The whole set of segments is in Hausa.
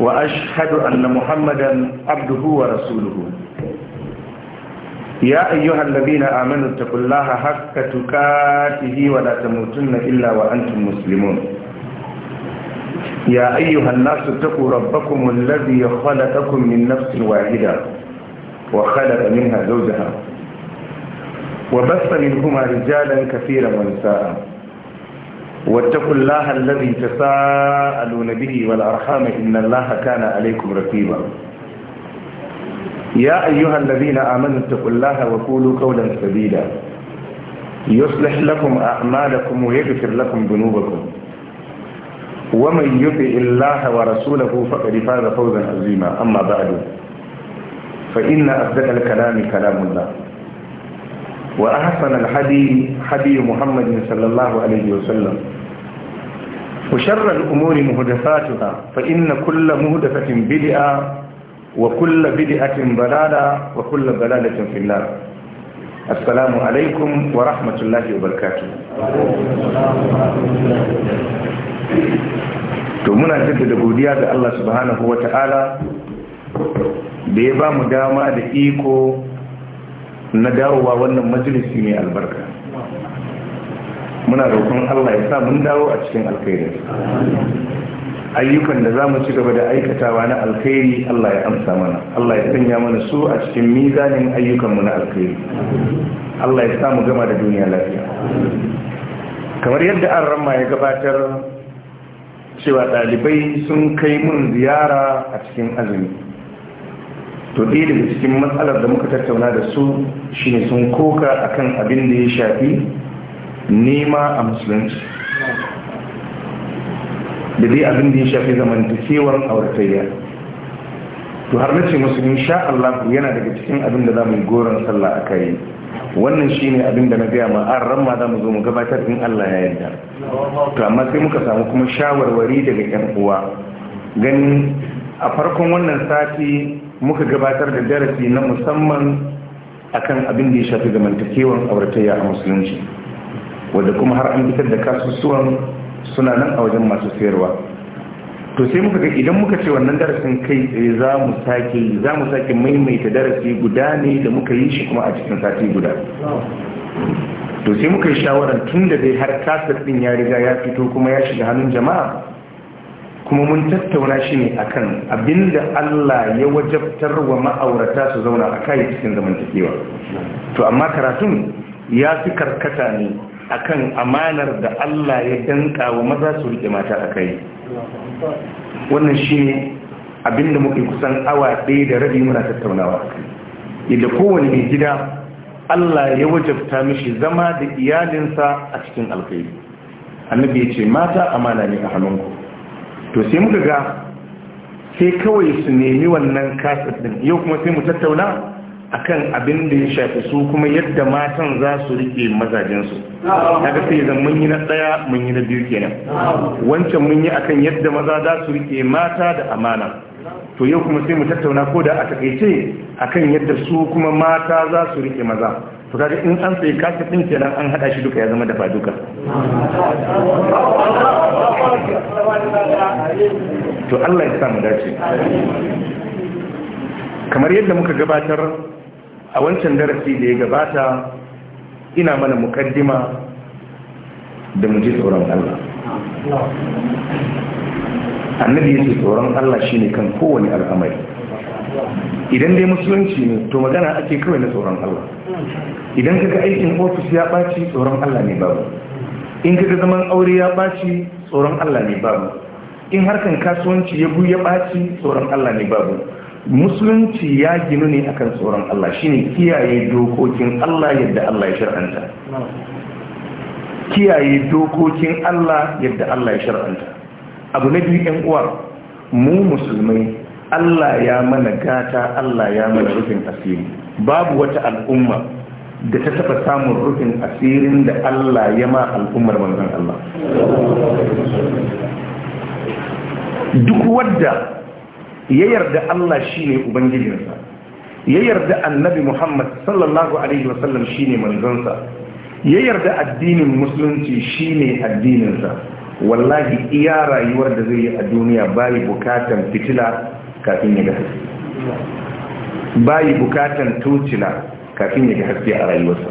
وأشهد أن محمدا عبده ورسوله يا أيها الذين آمنوا اتقوا الله حق تكاته ولا تموتن إلا وأنتم مسلمون يا أيها الناس اتقوا ربكم الذي خلقكم من نفس واحدة وخلق منها زوجها وبث منهما رجالا كثيرا ونساء واتقوا الله الذي تساءلون به والأرحام إن الله كان عليكم رقيبا يا أيها الذين آمنوا اتقوا الله وقولوا قولا سديدا يصلح لكم أعمالكم ويغفر لكم ذنوبكم ومن يطع الله ورسوله فقد فاز فوزا عظيما أما بعد فإن أصدق الكلام كلام الله وأحسن الحديث حديث محمد صلى الله عليه وسلم وشر الأمور مهدفاتها فإن كل مهدفة بدعة وكل بدعة بلالة وكل بلالة في النار السلام عليكم ورحمة الله وبركاته muna jaddada godiya ga Allah subhanahu wa ta'ala da ya ba mu dama da iko na dawowa wannan majalisi mai albarka muna roƙon Allah ya sa mun dawo a cikin alkhairi. ayyukan da za mu ci gaba da aikatawa na alkhairi Allah ya amsa mana Allah ya sanya mana su a cikin mizanin ayyukanmu na alkhairi Allah ya sa mu gama da duniya lafiya kamar yadda an ramma ya gabatar cewa ɗalibai sun kai mun ziyara a cikin azumi to ɗaya daga cikin matsalar da muka tattauna da su shine sun koka akan abin da ya shafi nema a musulunci da dai abin da ya shafi zamantakewar auratayya to har nace musu insha Allah yana daga cikin abin da zamu yi goron sallah akai wannan shine abin da na gaya ma an ramma za mu zo mu gabatar in Allah ya yarda to amma sai muka samu kuma shawarwari daga yan uwa gani a farkon wannan sati muka gabatar da darasi na musamman akan abin da ya shafi zamantakewar auratayya a musulunci wadda kuma har an fitar da kasusuwan suna nan a wajen masu sayarwa to sai muka ga idan muka ce wannan darasin kai tsaye za mu sake za mu sake maimaita darasi guda ne da muka yi shi kuma a cikin sati guda to sai muka yi shawarar tun da dai har kasar din ya riga ya fito kuma ya shiga hannun jama'a kuma mun tattauna shi ne akan abinda Allah ya wajabtar wa ma'aurata su zauna a kai cikin zamantakewa to amma karatun ya fi karkata ne akan amanar da Allah ya danka wa maza su rike mata a kai wannan shi ne abinda muke kusan awa ɗaya da rabi muna tattaunawa a kowane mai gida Allah ya wajabta mishi zama da iyalinsa a cikin alkhairi annabi ya ce mata amana ne a hannunku to sai muka ga sai kawai su nemi wannan kaset din yau kuma sai mu tattauna akan abin da ya shafi su kuma yadda matan za su rike mazajensu daga sai zan mun yi na ɗaya mun yi na biyu kenan wancan mun yi akan yadda maza za su rike mata da amana to yau kuma sai mu tattauna ko da a takaice akan yadda su kuma mata za su rike maza to kaga in an sai kasa din kenan an hada shi duka ya zama dafa duka to Allah ya sa mu dace kamar yadda muka gabatar a wancan darasi da ya gabata ina mana mukaddima da mu ji tsoron Allah annabi ya ce tsoron Allah shine kan kowane al'amari idan dai musulunci ne to magana ake kawai na tsoron Allah idan kaga aikin ofis ya baci, tsoron Allah ne babu in kaga zaman aure ya baci, tsoron Allah ne babu in harkan kasuwanci ya ya baci, tsoron Allah ne babu musulunci ya ginu ne akan tsoron Allah shine kiyaye dokokin Allah yadda Allah ya shar'anta kiyaye dokokin Allah yadda Allah ya shar'anta abu na biyu ɗan uwa mu musulmai Allah ya mana gata Allah ya mana rufin asiri babu wata al'umma da ta taɓa samun rufin asirin da Allah ya ma al'ummar manzon Allah duk wadda ya yarda Allah ne ubangijinsa ya yarda annabi Muhammad sallallahu alaihi wasallam ne manzonsa ya yarda addinin musulunci shine addininsa wallahi iya rayuwar da zai yi a duniya bayi bukatan fitila kafin ya ga haske bayi bukatan tucila kafin ya ga haske a rayuwarsa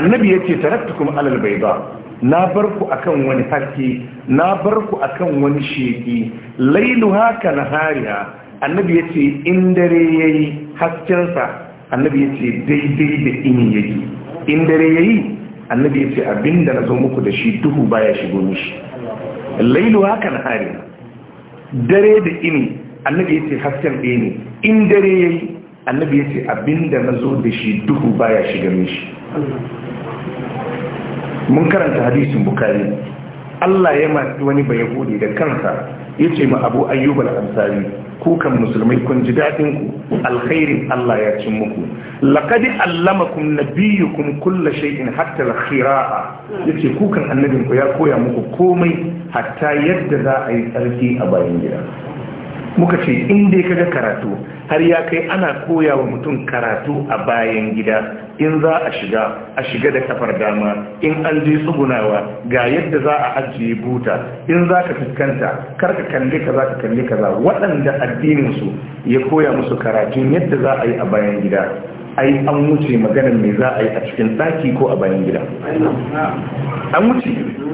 annabi ya ce taraktukum alal ba. na bar ku akan wani haƙƙi. na bar ku akan wani sheki lailu haka na hariya annabi ya ce in dare ya yi haskensa annabi ya ce daidai da ini ya yi in dare ya yi annabi ya ce abinda na zo muku da shi duhu baya shigo mishi lailu haka na hariya dare da ini annabi ya ce hasken ɗaya ne in dare ya yi annabi ya ce abinda na zo da shi duhu baya shiga mishi mun karanta hadisin bukari Allah ya masu wani hudu da kansa ya ce ma abu ayyubar ansari kukan musulmai kun ji daɗin ku alkhairin Allah ya cin muku laqad allamakum nabiyyukum kulla shaikin hatta al-khira'a ce kukan annabin ku ya koya muku komai hatta yadda za a yi tsarki a bayan gida muka ce in dai kaga karatu har ya kai ana koya wa mutum karatu a bayan gida in za a shiga a shiga da kafar dama in an je tsugunawa ga yadda za a ajiye buta in za ka fuskanta kar ka kalli kaza ka kalli kaza waɗanda addininsu ya koya musu karatun yadda za a yi a bayan gida ai an wuce maganar me za a yi a cikin ɗaki ko a bayan gida an wuce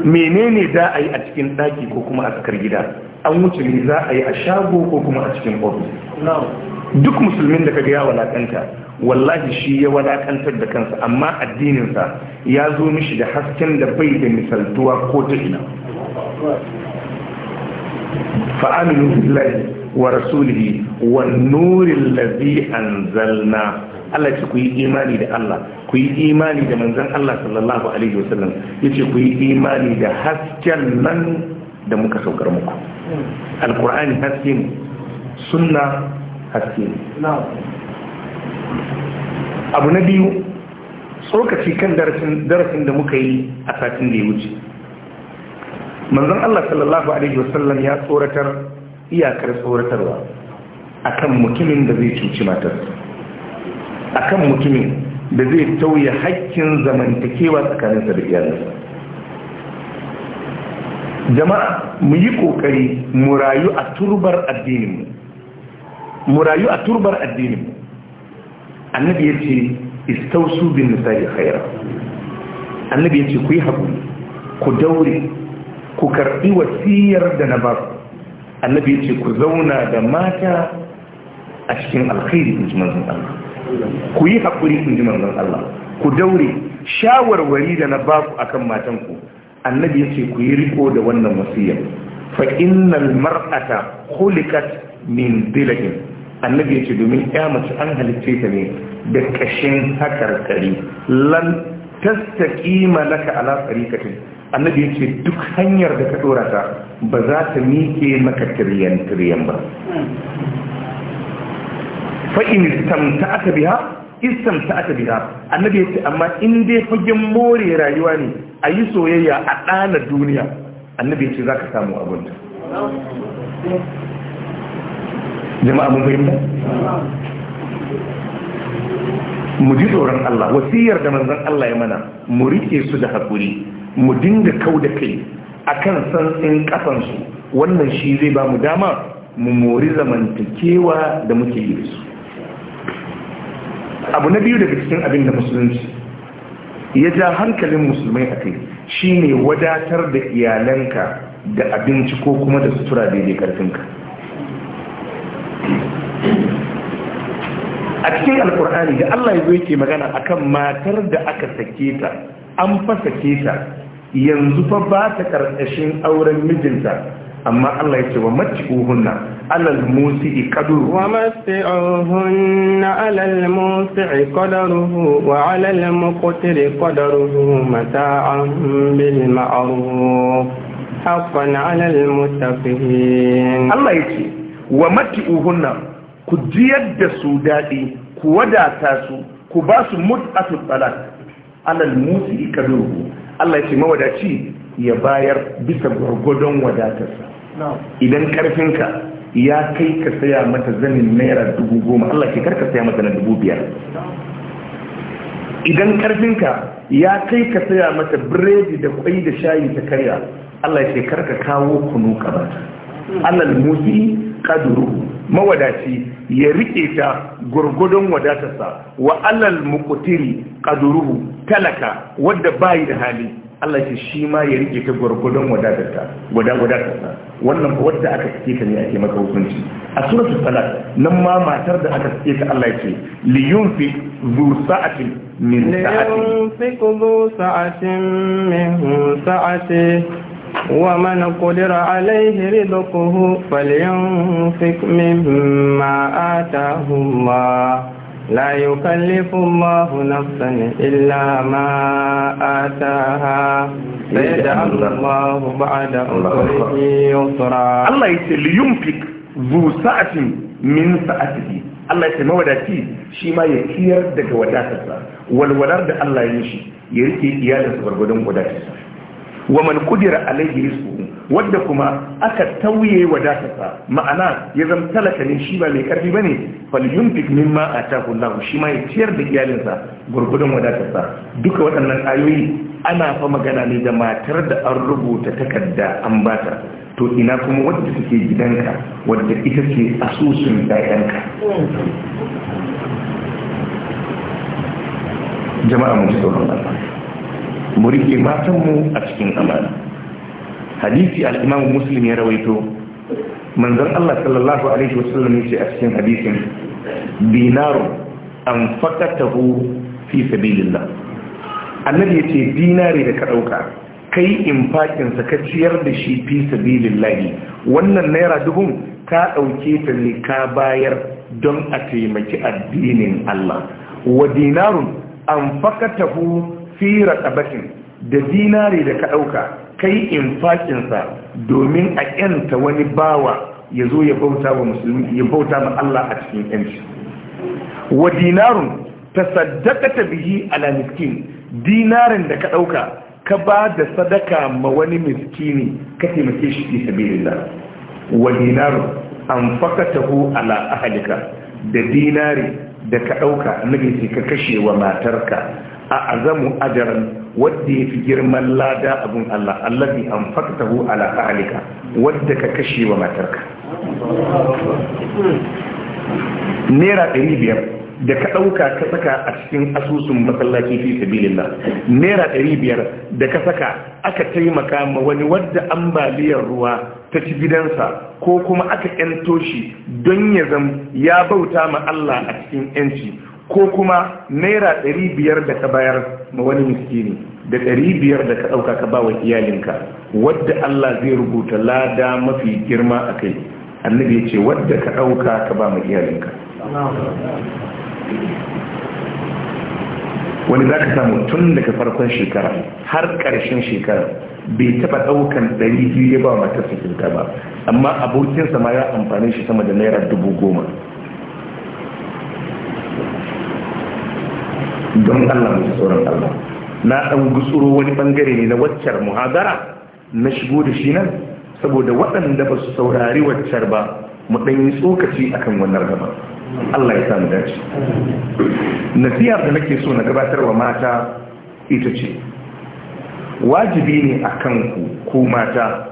menene za a yi a cikin ɗaki ko kuma a tsakar gida an wuce me za a yi a shago ko kuma a cikin ofis duk musulmin da kaga ya walakanta wallahi shi ya walakantar da kansa amma addininsa ya zo mishi da hasken da bai da misaltuwa ko ta ina fa'aminu billahi wa rasulihi wa nurin ladhi anzalna Allah ce ku yi imani da Allah ku yi imani da manzon Allah sallallahu alaihi wasallam yace ku yi imani da hasken nan da muka saukar muku alqur'ani hasken sunna haske abu na biyu tsokaci kan darasin da muka yi a satin da ya wuce manzon Allah sallallahu alaihi wasallam ya tsoratar iyakar tsoratarwa akan mutumin da zai cuci matarsa akan mutumin da zai tauye haƙƙin zamantakewa tsakaninsa da iyalinsa jama'a mu yi ƙoƙari mu rayu a turbar addininmu mu rayu a turbar addinin annabi ya ce istausu bin nisa'i khaira annabi ya ce ku yi haƙuri ku daure ku karɓi wasiyar da na ba annabi ya ce ku zauna da mata a cikin alkhairi in ji manzan Allah ku yi haƙuri in ji manzan Allah ku daure shawarwari da na ba ku akan matanku annabi ya ce ku yi riko da wannan wasiyar fa'inan mar'ata khuliqat min dilahin annabi ya ce domin ya mace an halicce ta ne da kashin hakar kari lan tastaqima laka ala tariqatin annabi ce duk hanyar da ka dora ta ba za ta miƙe maka tiryan tiryan ba fa in istamta'ata biha istan ta aka biya annabi ce amma in dai fagen more rayuwa ne a yi soyayya a ɗana duniya annabi ya ce za ka samu abinta jama'a mun fahimta mu ji tsoron Allah wasiyar da manzon Allah ya mana mu rike su da hakuri mu dinga kau da kai akan santsin kafan su wannan shi zai ba mu dama mu mori zamantakewa da muke yi su abu na biyu daga cikin abin da musulunci ya ja hankalin musulmai a kai shine wadatar da iyalanka da abinci ko kuma da sutura daidai karfinka a cikin alkur'ani da Allah ya zo yake magana akan matar da aka sake ta an fa sake ta yanzu fa ba ta karkashin auren mijinta amma Allah ya ce wa matti'uhunna alal musi qadruhu wa matti'uhunna alal musi qadruhu wa alal muqtiri qadruhu mata'an bil ma'ruf haqqan alal muttaqin Allah ya ce wa matti'uhunna ku jiyar da su daɗi ku wadata su ku ba su mut'atu salat alal musi kaduhu Allah ya ce mawadaci ya bayar bisa gwargwadon wadatarsa idan karfinka ya kai ka saya mata zanin naira dubu goma Allah ke karka saya mata na dubu biyar idan karfinka ya kai ka saya mata biredi da kwai da shayi ta karya Allah ke karka kawo kunu ka alal muhi kaduru mawadaci ya rike ta gurgudun wadatarsa wa alal muqtiri kaduru talaka wadda bai da hali Allah ce shi ma ya rike ta gurgudun wadatarsa guda wadatarsa wannan ba wadda aka sike ta ne ake maka hukunci a suratul salat nan ma matar da aka sike ta Allah ya ce li yunfi zu sa'ati min sa'ati ومن قدر عليه رزقه فلينفق مما آتاه الله لا يكلف الله نفسا إلا ما آتاها سيجعل الله بعد عسره يسرا الله يقول لينفق ذو سعة من سعته Allah ya taimaka wadati shi ma ya kiyar daga wadatarsa walwalar da Allah ya yi ya riƙe iyalinsa gwargwadon wadatarsa wa man alaihi rizquhu wadda kuma aka tauye wadatarsa ma'ana ya zama talaka ne shi ba mai karfi bane falyunfik mimma atahu Allah shi ma ya ciyar da iyalinsa gurgudun wadatarsa duka waɗannan ayoyi ana fa magana ne da matar da an rubuta takarda an bata to ina kuma wadda take gidanka wadda ita ce asusun ɗayanka jama'a mun tsoron Allah mu rike matanmu a cikin amana hadisi al-imam ya rawaito manzon Allah sallallahu alaihi wasallam ce a cikin hadisin dinaru an faqatahu fi sabilillah annabi ce dinari da ka ɗauka. kai infakin sa ka ciyar da shi fi sabilillah wannan naira dubun ka ɗauke ta ne ka bayar don a taimaki addinin Allah wa dinarun an faqatahu Fira raqabatin da dinari da ka ɗauka kai infakin domin a yanta wani bawa ya zo ya bauta wa musulmi ya bauta ma Allah a cikin yanci wa dinarun ta bihi ala miskin dinarin da ka ɗauka ka ba da sadaka ma wani miskini ka taimake shi fi sabilillah wa dinarun anfaqatahu ala ahalika da dinari da ka ɗauka annabi ka kashe wa matarka a azamu ajaran wadda ya fi girman lada abun Allah allazi an faktahu ala alika, wadda ka kashe wa matarka naira ɗari biyar da ka ɗauka ka saka a cikin asusun masallaci fi sabilillah naira ɗari biyar da ka saka aka taimaka ma wani wadda ambaliyar ruwa ta ci gidansa ko kuma aka 'yanto shi don ya zam ya bauta ma Allah a cikin 'yanci ko kuma naira ɗari biyar da ka bayar ma wani miskini da ɗari biyar da ka ɗauka ka bawa iyalinka wadda Allah zai rubuta lada mafi girma a kai annabi ya ce wadda ka ɗauka ka ba ma iyalinka wani za ka samu tun daga farkon shekara har ƙarshen shekara bai taɓa ɗaukan ɗari biyu ya ba matarsa kinta ba amma abokinsa ma ya amfani shi sama da naira dubu goma don Allah mai tsoron Allah na ɗan gutsuro wani bangare ne na waccar muhadara na shigo da shi nan saboda waɗanda ba su saurari waccar ba mu ɗan yi tsokaci akan wannan gaba Allah ya samu dace nasiyar da nake so na gabatar wa mata ita ce wajibi ne a kan ku ko mata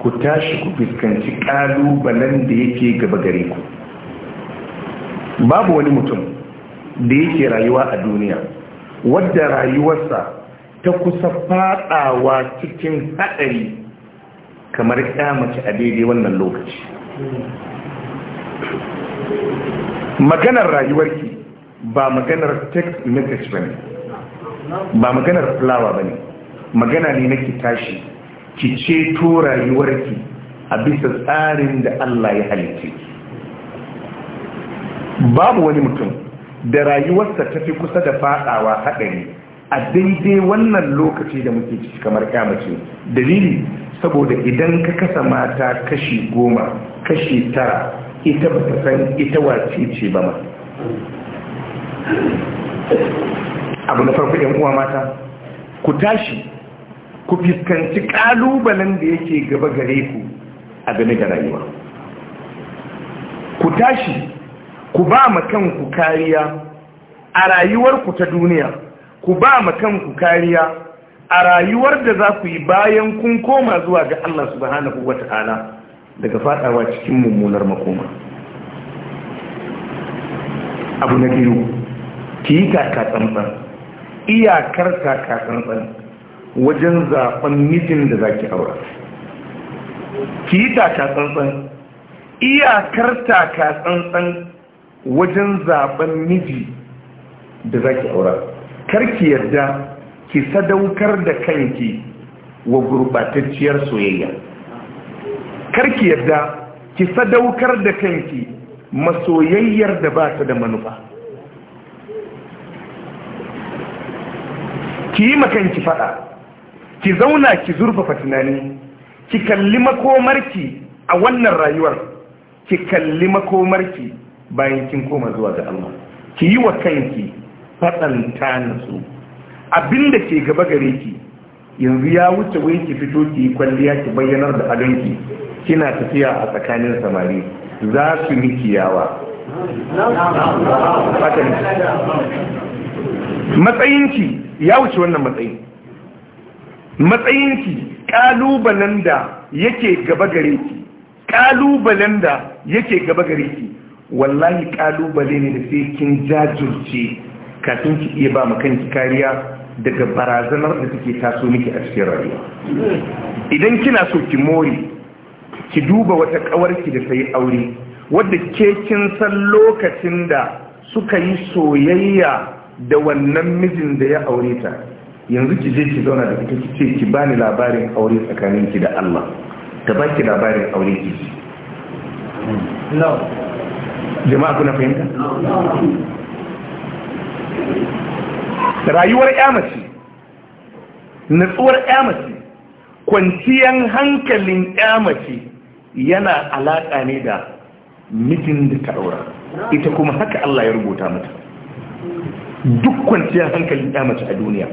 ku tashi ku fuskanci ƙalubalen da yake gaba gare ku babu wani mutum da yake rayuwa a duniya wadda rayuwarsa ta kusa fadawa cikin haɗari kamar mace a daidai wannan lokaci maganar rayuwarki ba maganar text message ba ne ba maganar fulawa ba ne magana ne na ki tashi ki ceto rayuwarki a bisa tsarin da Allah ya halitta babu wani mutum da rayuwarsa ta fi kusa da fadawa haɗari a daidai wannan lokaci da muke ciki kamar kyamace dalili saboda idan ka kasa mata kashi goma kashi tara ita ba ta san ita wace ce ba ma abu na farko yan uwa mata ku tashi ku fiskanci kalubalen da yake gaba gare ku a game da rayuwa ku tashi ku ba ma kanku kariya a rayuwarku ta duniya ku ba ma kanku kariya a rayuwar da za ku yi bayan kun koma zuwa ga Allah subhanahu ta'ala daga fadawa cikin mummunar makoma abu na biyu ki yi kaka tsantsan iyakar kaka tsantsan wajen zaɓen mijin da za ki aura ki yi kaka tsantsan iyakar kaka tsantsan wajen zaben miji da zaki aura karki yarda ki sadaukar da kanki wa gurbatacciyar soyayya karki yarda ki sadaukar da kanki masoyayyar da ba ta da manufa ki yi makanki fada ki zauna ki zurfafa tunani ki kalli makomarki a wannan rayuwar ki kalli makomarki bayan kin koma zuwa ga Allah ki yi wa kanki faɗanta nasu da ke gaba gare ki yanzu ya wuce wai ki fito ki yi kwalliya ki bayyanar da adonki kina tafiya a tsakanin samari za su miki yawa matsayinki ya wuce wannan matsayi matsayinki kalubalen da yake gaba gare ki kalubalen da yake gaba gare ki wallahi kalubale ne da sai kin jajirce kafin ki iya ba mu kanki kariya daga barazanar da take taso miki a cikin rayuwa idan kina so ki more ki duba wata ki da ta yi aure wadda ke kin san lokacin da suka yi soyayya da wannan mijin da ya aure ta yanzu ki je ki zauna da ita ki ce ki bani labarin aure tsakaninki da Allah ta baki labarin aure ki jama'a kuna fahimta rayuwar yamace natsuwar yamace kwanciyar hankalin mace yana alaƙa ne da mijin da ta aura ita kuma haka Allah ya rubuta mata duk kwanciyar hankalin yamace a duniya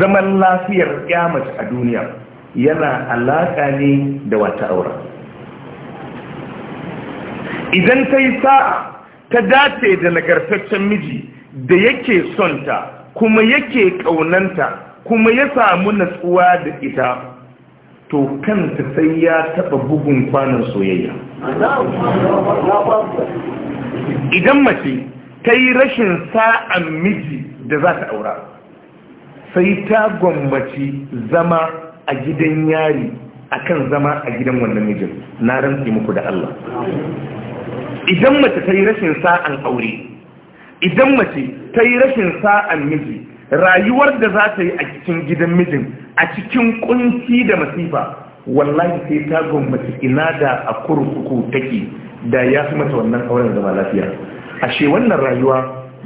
zaman lafiyar yamace a duniya yana alaƙa ne da wata aura idan ta yi sa'a ta dace da nagartaccen miji da yake sonta kuma yake ƙaunanta kuma ya samu natsuwa da ita to kanta sai ya taɓa bugun kwanan soyayya idan mace ta yi rashin sa'an miji da za ta aura sai ta gwammaci zama a gidan yari akan zama a gidan wannan mijin na rantsi muku da Allah idan mace ta yi rashin sa'an aure idan mace ta yi rashin sa'an miji rayuwar da za ta yi a cikin gidan mijin a cikin kunci da masifa wallahi sai ta gwammaci ina da a kurkuku take da ya fi mata wannan auren zama lafiya ashe wannan rayuwa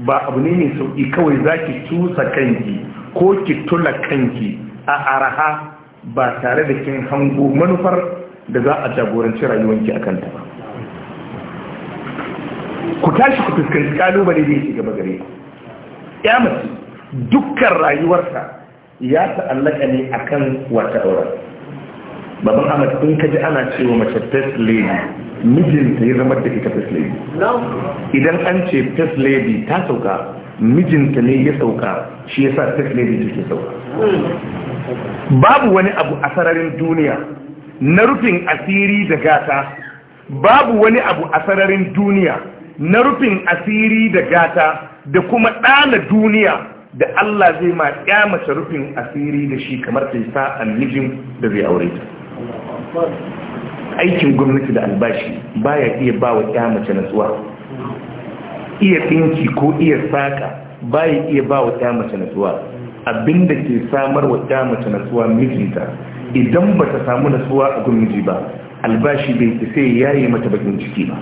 ba abu ne mai sauƙi kawai za ki tusa kanki ko ki tula kanki a araha ba tare da kin hango manufar da za a jagoranci rayuwanki a kanta ba ku tashi ku fuskanci kalubale da yake gaba gare ya mace dukkan rayuwarsa ya ta'allaka ne akan wata auren baban ahmad in ka ji ana cewa mace first lady mijinta ya zama da ita first lady idan an ce first lady ta sauka mijinta ne ya sauka shi ya sa first lady take sauka babu wani abu a sararin duniya na rufin asiri da gata babu wani abu a sararin duniya na rufin asiri da gata da kuma ɗana duniya da Allah zai ma ya mace rufin asiri da shi kamar ta sa mijin da zai aure ta aikin gwamnati da albashi ba ya iya ba wa ya mace natsuwa iya tsinki ko iya saka baya iya ba wa ya mace natsuwa abinda ke samar wa ya mace natsuwa mijinta idan ba ta samu natsuwa a gwamnati ba albashi bai sai yayi mata bakin ciki ba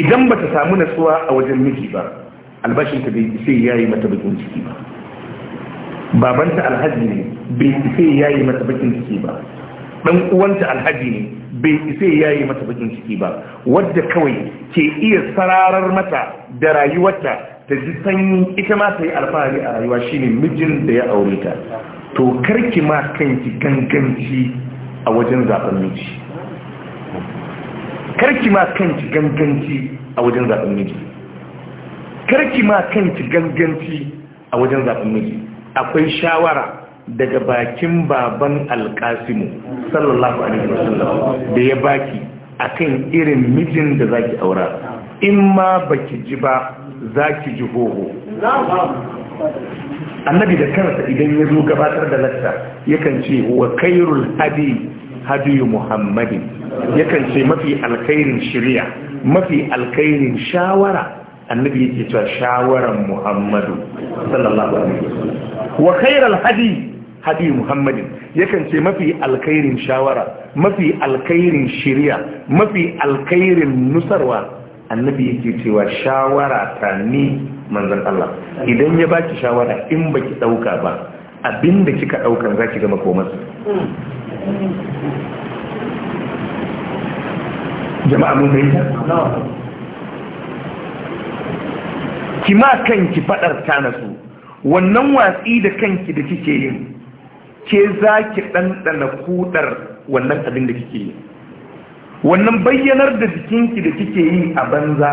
idan ba ta samu natsuwa a wajen miji ba albashinta bai sai ya yi mata bakin ciki ba babanta alhaji ne bai sai ya yi mata bakin ciki ba dan uwanta alhaji ne bai isa ya yi mata bakin ciki ba wadda kawai ke iya sararar mata da rayuwarta ta ji sanyi ita ma ta yi alfahari a rayuwa shine mijin da ya aure ta to karki ma kanki ganganci a wajen zaben miji karki ma kanki ganganci a wajen zaɓen miji karki ma kanki ganganci a wajen zaɓen miji akwai shawara daga bakin baban alkasimu sallallahu alaihi wasallam da ya baki a kan irin mijin da zaki aura in ma baki ji ba zaki ji hoho annabi da kansa idan ya zo gabatar da latta yakan ce wa kairul hadi hadi muhammadin yakan ce mafi alkhairin shirya mafi alkhairin shawara annabi yake cewa shawaran muhammadu sallallahu alaihi wasallam wa khairal hadi hadi muhammadin yakan ce mafi alkhairin shawara mafi alkhairin shirya mafi alkhairin nusarwa annabi yake cewa shawara ta ni manzon Allah idan ya baki shawara in baki dauka ba abinda kika daukan zaki gama makomarsa jama'a mun fahimta ki ma kanki fadar ta nasu wannan watsi da kanki da kike yin ke za ki ɗanɗana kudar wannan abin da kike yi wannan bayyanar da jikinki da kike yi a banza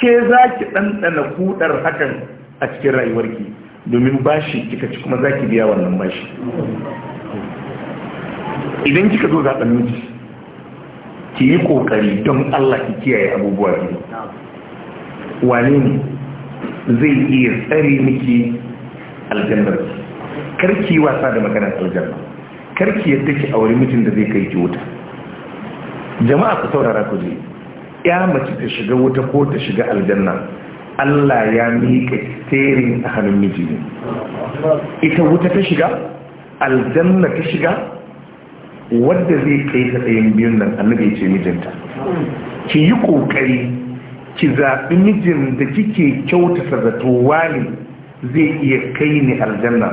ke za ki ɗanɗana kudar hakan a cikin rayuwarki domin bashi kika ci kuma za ki biya wannan bashi idan kika zo zaɓen miji ki yi kokari don Allah ki kiyaye abubuwa biyu wane ne zai iya tsare miki aljannar karki wasa da maganar Kar karki yadda ki aure mijin da zai kai ki wuta jama'a ku saurara ku je ya mace ta shiga wuta ko ta shiga aljanna Allah ya mika steering a hannun miji ne ita wuta ta shiga aljanna ta shiga wadda zai kai ta tsayin biyun nan annabi ce mijinta ki yi kokari ki zaɓi mijin da kike kyautata zato wani zai iya kai ni aljanna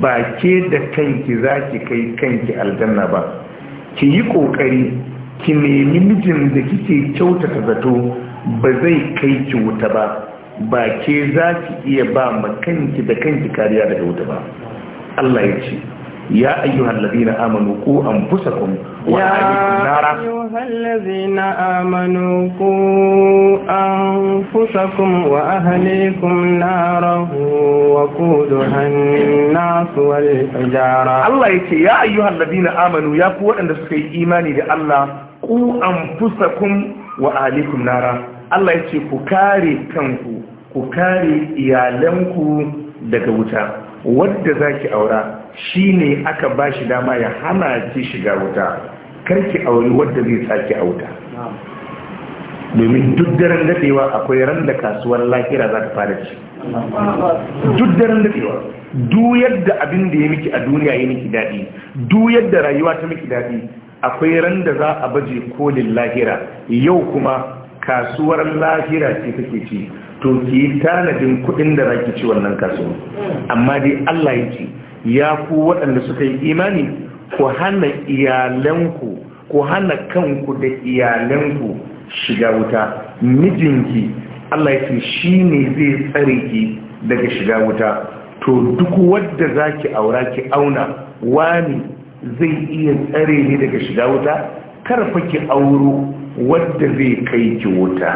ba ke da kanki za ki kai kanki aljanna ba ki yi kokari ki nemi mijin da kike kyautata zato ba zai kai ki wuta ba ba ke za ki iya ba ma kanki da kanki kariya daga wuta ba Allah ya ce يا أيها الذين آمنوا قوا أنفسكم وأهلكم نارا يا أيها الذين آمنوا قوا أنفسكم وأهليكم نارا وقودها الناس والحجارة الله يتي يا أيها الذين آمنوا يا قوة أن تسكي إيماني لله قوا أنفسكم وأهليكم نارا الله يتي كاري كنكو كاري إيالنكو daga wuta wadda zaki aura shi ne aka bashi dama ya hana ki shiga wuta karki auri wadda zai saki a wuta domin duk daren dadewa akwai ran da kasuwar lahira za ta fara ci duk daren dadewa du yadda abin da ya miki a duniya ya miki daɗi Du yadda rayuwa ta miki daɗi akwai ran da za a baje kolin lahira yau kuma kasuwar lahira ce take ci to ki yi tanadin kuɗin da zaki ci wannan kasuwa amma dai Allah ya ce ya ku waɗanda suka yi imani ku hana iyalanku ku hana kanku da iyalanku shiga wuta mijinki Allah ya ce shi ne zai tsare ki daga shiga wuta to duk wadda zaki aura ki auna wani zai iya tsare ni daga shiga wuta Kar fa ki auro wadda zai kai ki wuta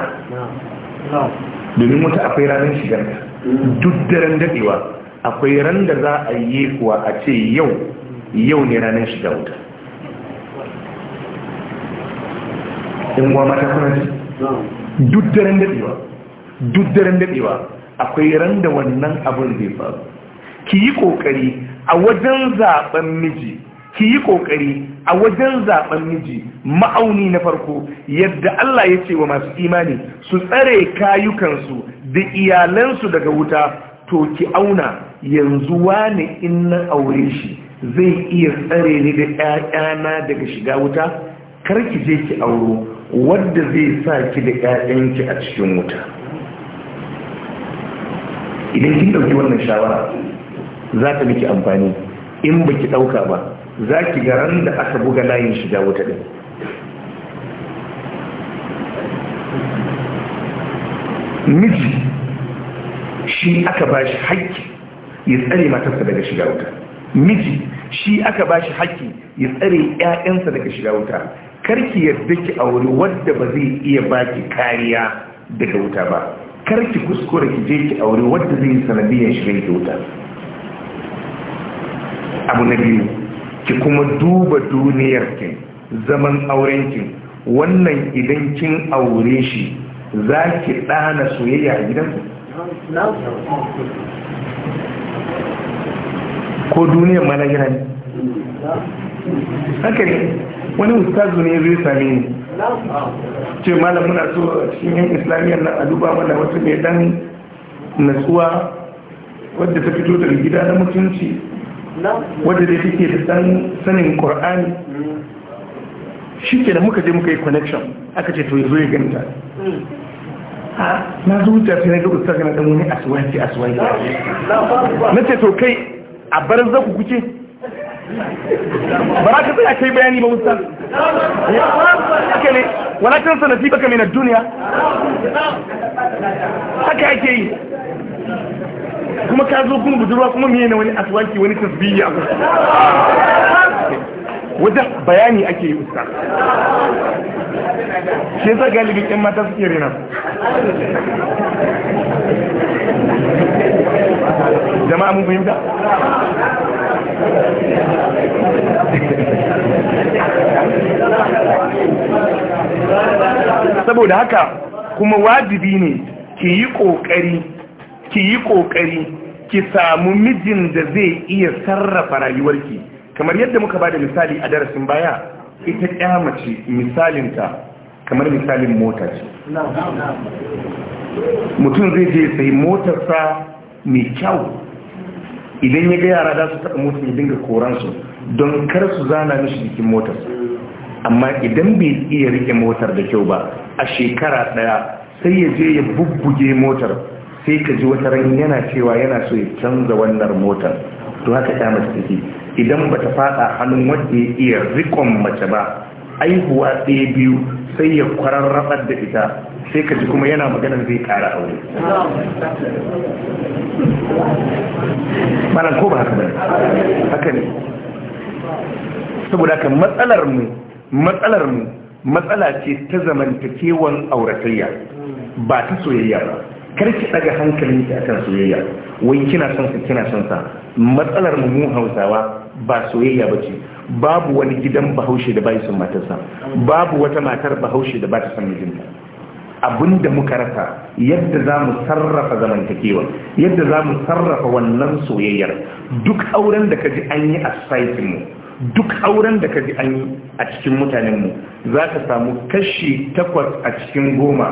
domin wata akwai ranar shigar duk daren dadewa akwai ran da za a yi kuwa a ce yau yau ne ranar shiga wuta in kuwa mata kuna ce duk dadewa duk dadewa akwai ran da wannan abin zai faru ki yi kokari a wajen zaben miji ki yi kokari a wajen zaben miji ma'auni na farko yadda Allah ya ce wa masu imani su tsare kayukansu da iyalansu daga wuta to ki auna yanzu wani in na aure shi zai iya tsare ni da ƴaƴana daga shiga wuta kar ki je ki auro wanda zai sa ki da ƴaƴanki a cikin wuta idan kin dauki wannan shawara za ta miki amfani in baki ɗauka ba za ki garan da aka buga layin shiga wuta ɗin miji shi aka ba shi haƙƙi ya tsare matarsa daga shiga wuta miji shi aka ba shi haƙƙi ya tsare 'ya'yansa daga shiga wuta karki yadda ki aure wadda ba zai iya baki kariya daga wuta ba karki kuskura ki je ki aure wadda zai sanadiyar shirin ki wuta abu na biyu ki kuma duba duniyarki zaman aurenki wannan idan kin aure shi za ki ɗana soyayya a ku. ko duniyar mana gina ne haka ne wani ustazu ne zai same ni ce malam muna so a cikin yan islamiyyar na a duba mana wasu mai dan natsuwa wadda ta fito daga gida na mutunci wadda dai take da dan sanin qur'ani shi ke da muka je muka yi connection aka ce to yanzu ya ganta a na ta sai na ga ustaz na dan wani aswaji aswaji na ce to kai a bar zaku kuke ba ka tsaya kai bayani ba ustaz haka ne walakin sanafi baka mai na duniya? haka yake yi kuma ka zo kuma budurwa kuma miye na wani aswaki wani tasbiya wajen bayani ake yi usta shi yasa galibi yan mata suke rena jama'a mun fahimta saboda haka kuma wajibi ne ki yi ƙoƙari ki yi ƙoƙari ki samu mijin da zai iya sarrafa rayuwarki kamar yadda muka ba da misali a darasin baya ita ƙyamace misalinta kamar misalin mota ce mutum zai je sai motarsa mai kyau idan ya ga yara za su taɓa motar ya dinga koransu don kar su zana mishi jikin motarsa amma idan bai iya rike motar da kyau ba a shekara ɗaya sai ya je ya bubbuge motar sai ka ji wata ran yana cewa yana so ya canza wannan motar to haka ta mace take idan ba ta fada hannun wanda ya iya rikon mace ba aihuwa ɗaya biyu sai ya kwararrabar da ita sai ka ji kuma yana magana zai ƙara aure malam ko ba haka ba haka ne saboda haka matsalar mu matsalar mu matsala ce ta zamantakewan auratayya ba ta soyayya ba karki daga hankalin ki akan soyayya wai kina son sa kina son sa matsalar mu Hausawa ba soyayya bace babu wani gidan Bahaushe da bai son matarsa babu wata matar Bahaushe da ba ta son mijinta abinda muka rasa yadda za mu sarrafa zamantakewa yadda za mu sarrafa wannan soyayyar duk auren da ka ji an yi a mu duk auren da ka ji an yi a cikin mutanen mu, za ka samu kashi takwas a cikin goma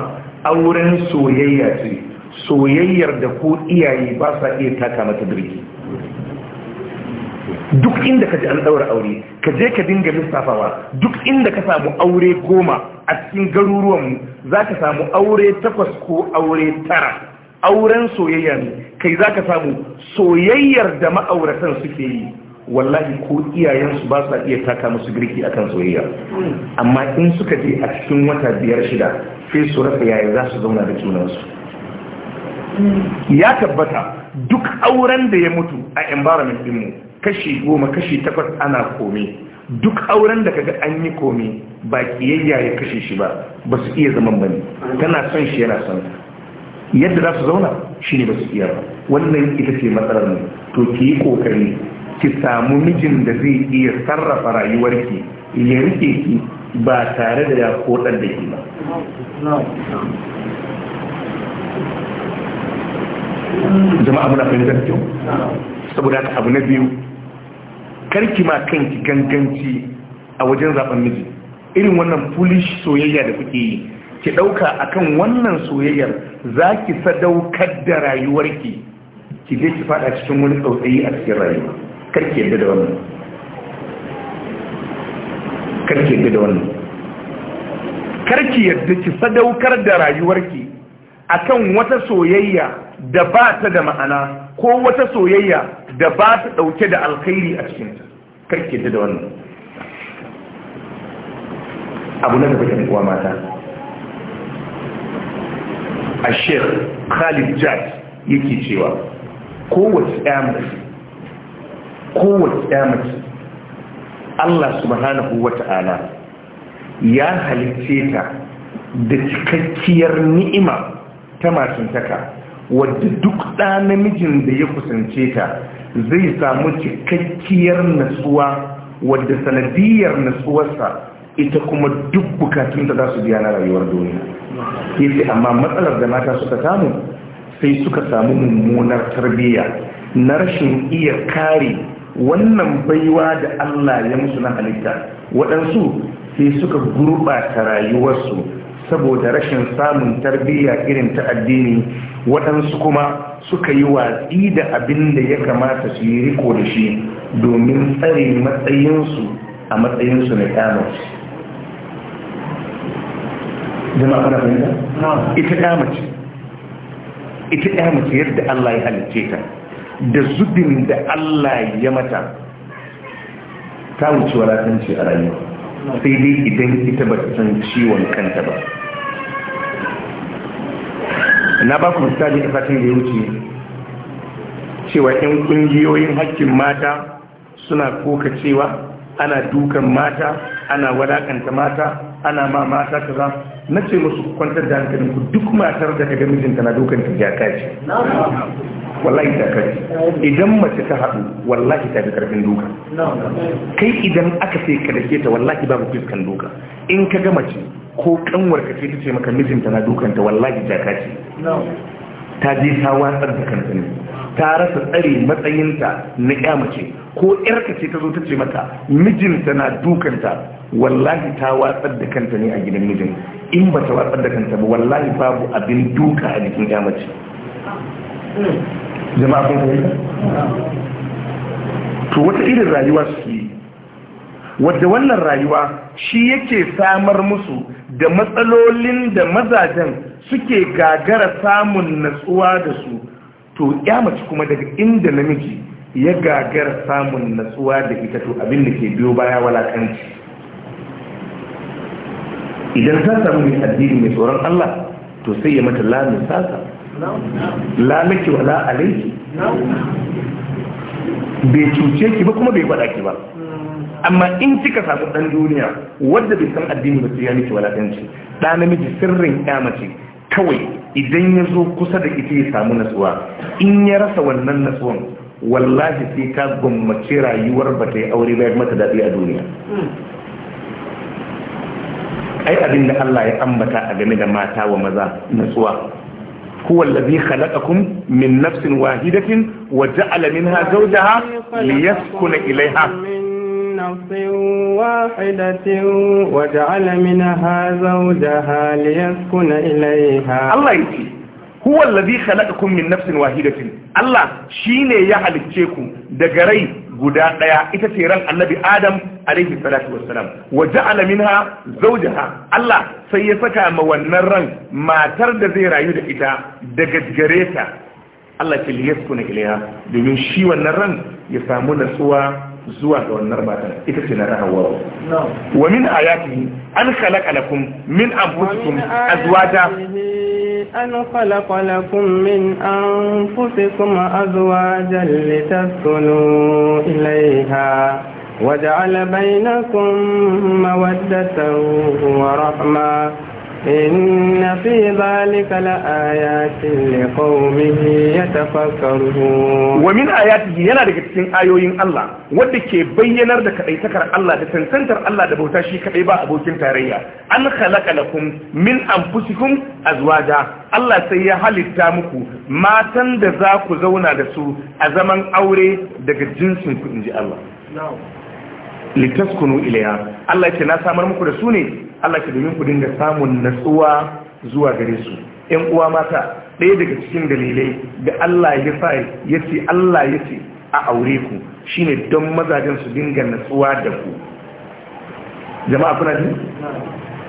auren soyayya ce soyayyar da ko iyaye ba sa iya taka mata birki duk inda ka ji an ɗaura aure ka je ka dinga lissafawa duk inda ka samu aure goma a cikin garuruwanmu za ka samu aure takwas ko aure tara auren soyayya ne kai za ka samu soyayyar da ma'auratan suke yi wallahi ko iyayensu ba sa iya taka musu girki akan soyayya amma in suka je a cikin wata biyar shida sai su rasa yaya za su zauna da junansu ya tabbata duk auren da ya mutu a environment dinmu kashi goma kashi takwas ana komi duk auren da kaga an yi komi ba kiyayya ya kashe shi ba ba su iya zaman bane tana son shi yana son yadda za su zauna shi ne ba su iya ba wannan ita ce matsalar mu to ki yi kokari ki samu mijin da zai iya sarrafa rayuwarki ya rike ki ba tare da ya kodar da ki ba jama'a muna fahimtar kyau saboda haka abu na biyu karki ma kanki ganganci a wajen zaben miji irin wannan foolish soyayya da kuke yi ki dauka akan wannan soyayyar zaki sadaukar da rayuwarki ki je ki fada cikin wani tsautsayi a cikin rayuwa karki yadda da wannan karki yadda da wannan karki yadda ki sadaukar da rayuwarki akan wata soyayya da ba ta da ma'ana ko wata soyayya da ba ta ɗauke da alkhairi a cikinta karke da wannan abu na gaba da uwa mata a shek khalid jad yake cewa kowace yamace kowace allah subhanahu wata'ala ya halitce ta da cikakkiyar ni'ima ta matintaka wadda duk ɗa namijin da ya kusance ta zai samu cikakkiyar natsuwa wadda sanadiyar natsuwarsa ita kuma duk bukatun da za su biya na rayuwar duniya yace amma matsalar da mata suka samu sai suka samu mummunar tarbiyya na rashin iya kare wannan baiwa da Allah ya musu na halitta waɗansu sai suka gurɓata rayuwarsu saboda rashin samun tarbiyya irin ta addini waɗansu kuma suka yi watsi da abin da ya kamata su yi riko da shi domin tsare matsayinsu a matsayinsu na kyamarsu jama'a kana fahimta? ita kyamace ita kyamace yadda Allah ya halitce ta da zubin da Allah ya mata ta wuce walatanci a rayuwa sai dai idan ita ba san ciwon kanta ba na ba ku misali a fatan da ya wuce cewa 'yan ƙungiyoyin hakkin mata suna koka cewa ana dukan mata ana wadakanta mata ana ma mata kaza na ce musu kwantar da hankalin ku duk matar da kaga mijinta na dukan ta ya kaji wallahi ta kaji idan mace ta haɗu wallahi ta fi karfin duka kai idan aka ce ka dake ta wallahi babu fiskan duka in ka ga mace ko kanwar ka ce ta ce maka mijinta na dukan ta wallahi ta kaji ta je ta watsar da kanta ne ta rasa tsare matsayinta na mace. ko ka ce ta zo ta ce mata mijinta na dukanta wallahi ta watsar da kanta ne a gidan mijin in ba ta watsar da kanta ba wallahi babu abin duka a jikin yamace jama'a kun kai to wata irin rayuwa su yi wadda wannan rayuwa shi yake samar musu da matsalolin da mazajen suke gagara samun natsuwa da su to mace kuma daga inda namiji ya gagara samun natsuwa da ita to abin da ke biyo baya walakanci idan ta samu mai addini mai tsoron Allah to sai ya mata lamin sasa lamaki wa la alaiki bai cuce ki ba kuma bai faɗa ki ba amma in kika samu ɗan duniya wadda bai san addini ba sai ya miki wala ɗanci ɗa namiji sirrin ya mace kawai idan ya zo kusa da ita ya samu natsuwa in ya rasa wannan natsuwan wallahi sai ka gwammace rayuwar ba ta yi aure ba mata daɗi a duniya ai abin da Allah ya ambata a game da mata wa maza natsuwa huwa allazi khalaqakum min nafsin wahidatin wa ja'ala minha zawjaha liyaskuna ilayha نفس واحدة وجعل منها زوجها ليسكن إليها الله يتي هو الذي خلقكم من نفس واحدة الله شيني يحلق تيكم دقري guda ɗaya ita ce ran annabi adam alaihi salatu wassalam wa ja'ala minha zawjaha Allah sai ya saka ma wannan ran matar da zai rayu da ita daga gareta. Allah ke liyaskuna ilaiha domin shi wannan ran ya samu natsuwa zuwa ga wannan matan ita ce na hawa wa min ayatihi an khalaqa lakum min anfusikum azwaja an khalaqa lakum min anfusikum أنفسكم litaskunu ilayha waja'ala bainakum mawaddatan wa ورحمة إن في ذلك لآيات لقوم يتفكرون ومن آياته yana daga cikin ayoyin Allah wanda ke bayyanar da kadaitakar Allah da tantantar Allah da bauta shi kadai ba abokin tarayya an khalaqa lakum min anfusikum azwaja Allah sai ya halitta muku matan da za ku zauna da su azaman aure daga jinsin ku inji Allah litaskunu ilayha Allah ya na samar muku da su ne Allah ya domin ku dinga samun natsuwa zuwa gare su ƴan uwa mata ɗaya daga cikin dalilai da Allah ya sa ya ce Allah ya ce a aure ku shine don mazajen su dinga natsuwa da ku jama'a kuna ji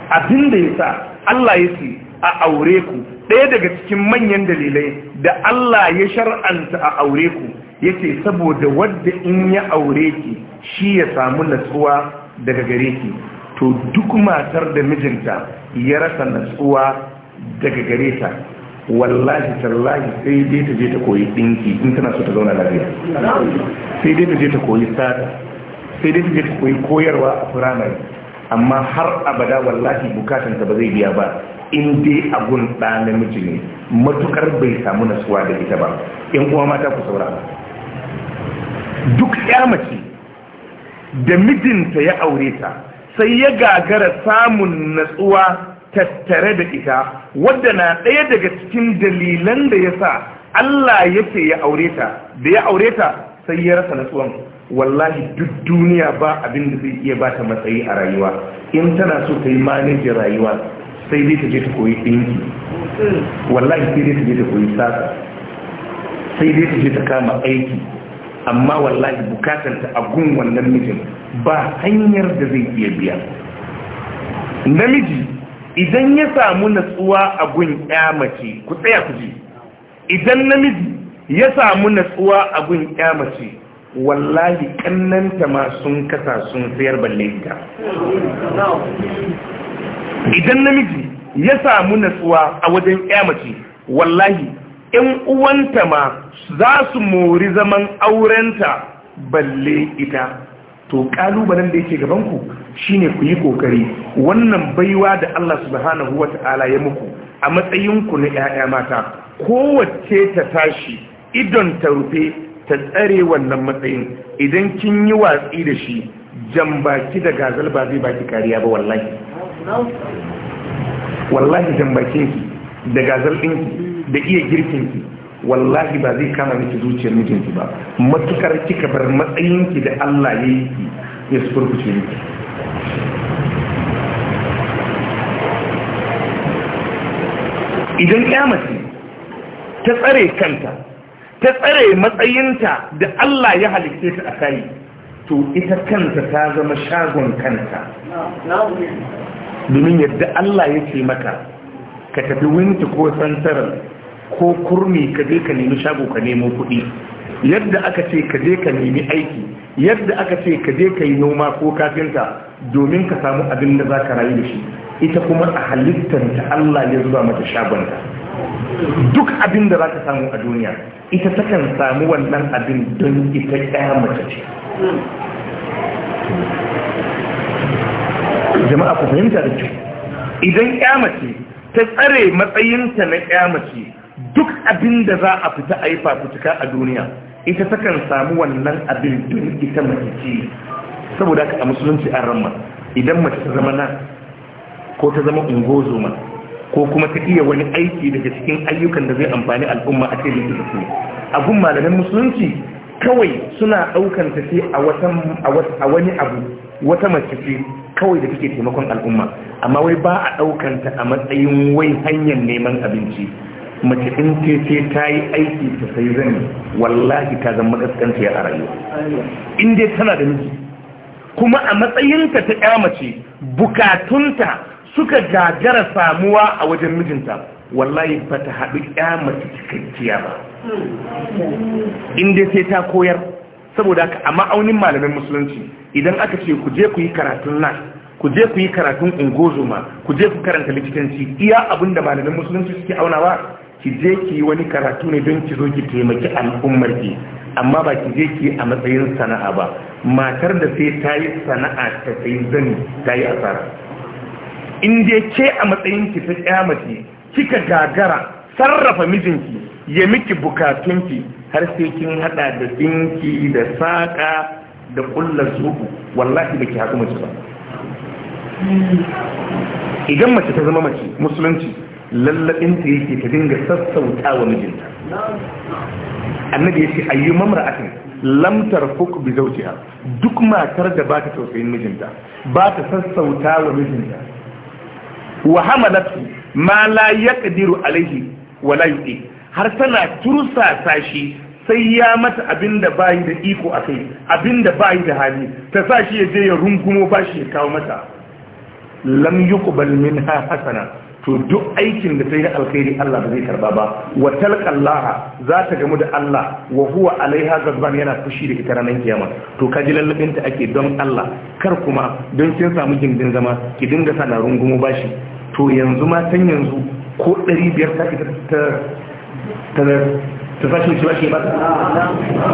abin da ya sa Allah ya ce a aure ku ɗaya daga cikin manyan dalilai da Allah ya shar'anta a aure ku yace saboda wadda in ya aure ki shi ya samu natsuwa daga gare ki to duk matar da mijinta ya rasa natsuwa daga gare ta wallahi tallahi sai dai ta je ta koyi dinki in tana so ta zauna lafiya sai dai ta je ta koyi sada sai dai ta je ta koyi koyarwa a firamare amma har abada wallahi bukatanta ba zai biya ba in dai abun ɗa namiji ne matukar bai samu nasuwa da ita ba in uwa mata ku saurara duk ya mace da mijinta ya aure ta sai ya gagara samun natsuwa tattare da ita wadda na ɗaya daga cikin dalilan da ya sa Allah ya ce ya aure ta da ya aure ta sai ya rasa natsuwan wallahi duk duniya ba abin da zai iya bata matsayi a rayuwa in tana so ta yi manajin rayuwa sai dai ta je ta koyi ɗinki wallahi sai dai ta je ta koyi sasa sai dai ta je ta kama aiki amma wallahi bukatar a gun wannan mijin ba hanyar da zai iya biya namiji idan ya samu natsuwa a gun ya mace ku tsaya ku ji idan namiji ya samu natsuwa a gun ya mace wallahi kannanta ma sun kasa sun sayar balle ita idan namiji ya samu natsuwa a wajen mace wallahi in uwanta ma za su mori zaman aurenta balle ita to kalubalen da yake gabanku shine ku yi kokari wannan baiwa da Allah subhanahu wata'ala ya muku a matsayinku na ƴaƴa mata kowace ta tashi idon ta rufe ta tsare wannan matsayin idan kin yi watsi da shi jan baki da gazal ba zai baki kariya ba wallahi wallahi ki da gazal da iya girkinki wallahi ba zai kama miki zuciyar mijinki ba matukar kika bar matsayinki da Allah ya yi ya sukurkuce miki idan kyamace ta tsare kanta ta tsare matsayinta da Allah ya halitta ta a kai to ita kanta ta zama shagon kanta domin yadda Allah ya ce maka ka tafi winti ko santarar ko kurmi ka je ka nemi shago ka nemo kuɗi yadda aka ce ka je ka nemi aiki yadda aka ce ka je ka yi noma ko kafinta domin ka samu abin da za ka rayu da shi ita kuma a halittar ta Allah ya zuba mata shagonta duk abin da za ka samu a duniya ita takan samu wannan abin don ita ɗaya mace ce jama'a ku fahimta da kyau idan kyamace ta tsare matsayinta na kyamace duk abin da za a fita a yi fafutuka a duniya ita takan samu wannan abin don ita mace ce saboda ka a musulunci an ramma idan mace ta zama na ko ta zama ungozoma ko kuma ta iya wani aiki daga cikin ayyukan da zai amfani al'umma a cikin da su abun malamin musulunci kawai suna ɗaukanta ce a wani abu wata mace ce kawai da take taimakon al'umma amma wai ba a ɗaukanta a matsayin wai hanyar neman abinci mace in ce ce ta yi aiki ta sai zani wallahi ta zama kaskanciya a rayuwa in dai tana da miji kuma a matsayinta ta ƴa mace bukatunta suka gagara samuwa a wajen mijinta wallahi ba ta haɗu ƴa mace cikakkiya ba in dai sai ta koyar saboda haka a ma'aunin malamin musulunci idan aka ce ku je ku yi karatun nan ku je ku yi karatun Ungozuma, ku je ku karanta likitanci iya abin da malamin musulunci suke aunawa ki je ki yi wani karatu ne don ki zo ki taimaki al'ummar ki amma ba ki je ki a matsayin sana'a ba matar da sai ta yi sana'a ta sai zani ta yi asara in dai ke a matsayin ki ta kyamace kika gagara sarrafa mijinki ya miki bukatunki har sai kin hada da dinki da saka da kullar zuku wallahi baki haɗu mace ba idan mace ta zama mace musulunci lallabinta yake ta dinga sassauta wa mijinta annabi ya ce ayyu mamra'atin lam tarfuq bi zawjiha duk matar da ba ta tausayin mijinta ba ta sassauta wa mijinta wa hamalat ma la yaqdiru alayhi wa la yuqi har tana turusa shi sai ya mata abin da bayi da iko a kai abin da bayi da hali ta sa shi ya je ya rungumo ba shi ya kawo mata lam yuqbal minha hasana to duk aikin da ta yi alkhairi Allah ba zai karba ba wa talqallaha za ta gamu da Allah wa huwa alaiha gazban yana fushi da ita ranar kiyama to ka ji lallabin ta ake don Allah kar kuma don kin samu gindin zama ki dinga sana rungumo bashi to yanzu ma tan yanzu ko 500 ta ta tazarci ba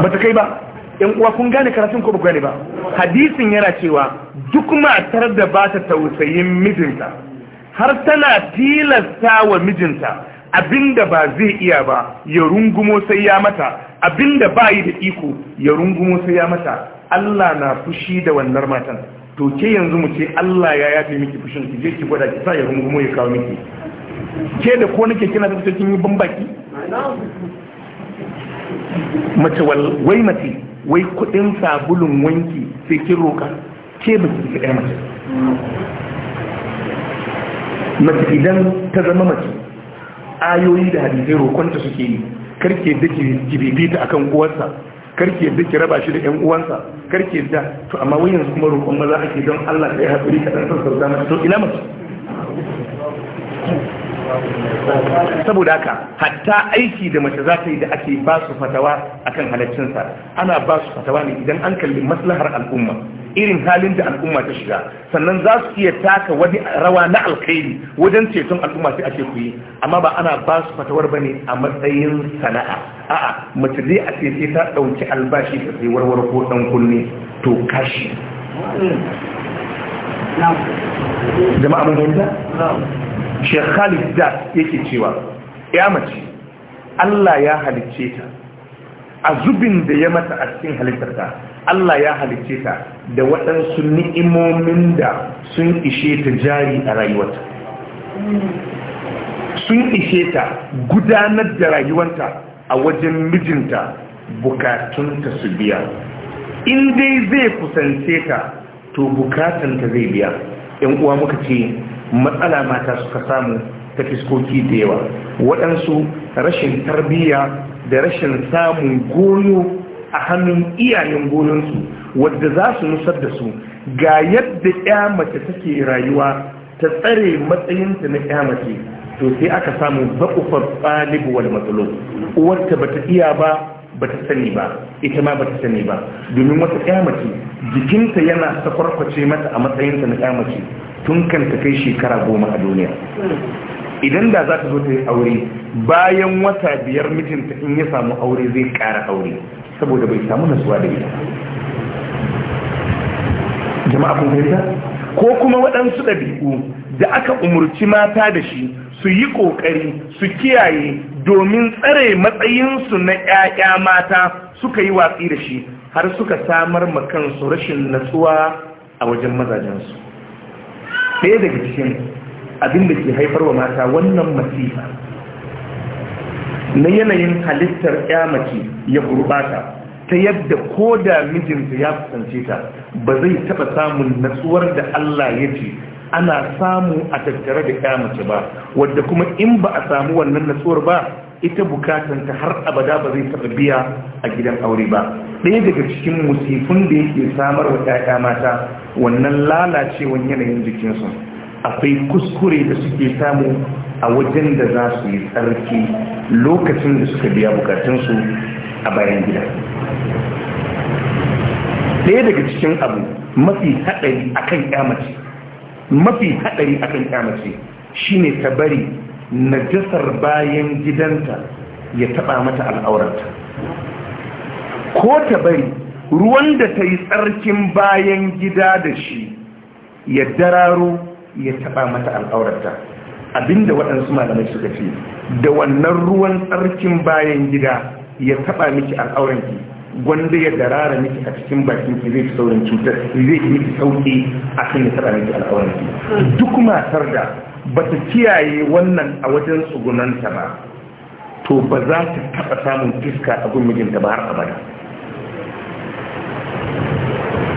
ba ta kai ba yan uwa kun gane karatun ko ba gane ba hadisin yana cewa duk matar da ba ta tausayin mijinta har tana tilasta wa mijinta abinda ba zai iya ba ya rungumo sai ya mata abinda ba yi da iko ya rungumo sai ya mata Allah na fushi da wannan matan to ke yanzu mu ce Allah ya yafe miki fushin ki je ki gwada ki sa ya rungumo ya kawo miki ke da ko nake kina ta kin yi banbaki? mace wai mace wai kudin sabulun wanki sai kin roka ke ba su ɗaya mace mace idan ta zama mace ayoyi da hadisai rokonta suke yi karke da jibibi ta akan uwarsa karke da ki raba shi da yan uwansa karke da to amma wai yanzu kuma roƙon maza ake don Allah ya haƙuri ka dan sassauta mace to ina mace saboda haka hatta aiki da mace za ta yi da ake ba su fatawa akan halaccinsa ana ba su fatawa ne idan an kalli maslahar al'umma irin halin da al'umma ta shiga sannan za su iya taka wani rawa na alkhairi wajen ceton al'umma sai ake kuyi amma ba ana ba su fatawar ba ne a matsayin sana'a a'a mace dai a sai ta ɗauki albashi ta sai warware ko ɗan kunne to kashi jama'a mun fahimta Sheikh Khalid da yake cewa ya mace Allah ya halicce ta a zubin da ya mata a cikin halittarta Allah ya halicce ta da waɗansu ni'imomin da sun ishe ta jari a rayuwarta sun ishe ta gudanar da rayuwarta a wajen mijinta bukatunta su biya in dai zai kusance ta to bukatanta zai biya yan uwa muka ce matsala mata suka samu ta fiskoki da yawa waɗansu rashin tarbiyya da rashin samun goyo a hannun iyayen gonansu wadda za su nusar da su ga yadda ya mace take rayuwa ta tsare matsayinta na ya mace to sai aka samu baƙufar ɗalibu matsaloli, matsalo uwarta bata iya ba ba ta sani ba ita ma ba ta sani ba domin wata kyamace jikinta yana sakwarkwace mata a matsayinta na kyamace tun kan ta kai shekara goma a duniya idan da za ta zo ta yi aure bayan wata biyar mijinta in ya samu aure zai kara aure saboda bai samu nasuwa da ita jama'a kun fahimta ko kuma waɗansu ɗabi'u da aka umurci mata da shi su yi ƙoƙari su kiyaye domin tsare matsayinsu na ‘ya'ya mata suka yi watsi da shi har suka samar ma kansu rashin natsuwa a wajen mazajensu ɗaya daga cikin abin da ke haifar wa mata wannan masifa na yanayin halittar ‘ya ya gurɓata, ta yadda ko da mijinta ya kusance ta ba zai taɓa samun natsuwar da Allah ya ce ana samu a tattare da ya mace ba wadda kuma in ba a samu wannan natsuwar ba ita ta har abada ba zai taɓa biya a gidan aure ba ɗaya daga cikin musifin da yake samar wa ɗaya mata wannan lalacewan yanayin jikinsu akwai kuskure da suke samu a wajen da za su yi tsarki lokacin da suka biya bukatunsu a bayan gida ɗaya daga cikin abu mafi haɗari akan ya mace mafi hadari akan kyamace ne ta bari najasar bayan gidanta ya taba mata al'aurarta ko ta bari ruwan da ta yi tsarkin bayan gida da shi ya dararo ya taɓa mata al'aurarta abinda waɗansu malamai suka ce da wannan ruwan tsarkin bayan gida ya taɓa miki al'auranki gwanda ya darara miki a cikin bakin ki zai fi saurin cutar zai fi miki sauki a kan da tsara miki al'auran ki duk matar da ba ta kiyaye wannan a wajen tsugunanta ba to ba za ta taɓa samun iska a gun mijinta ba har abada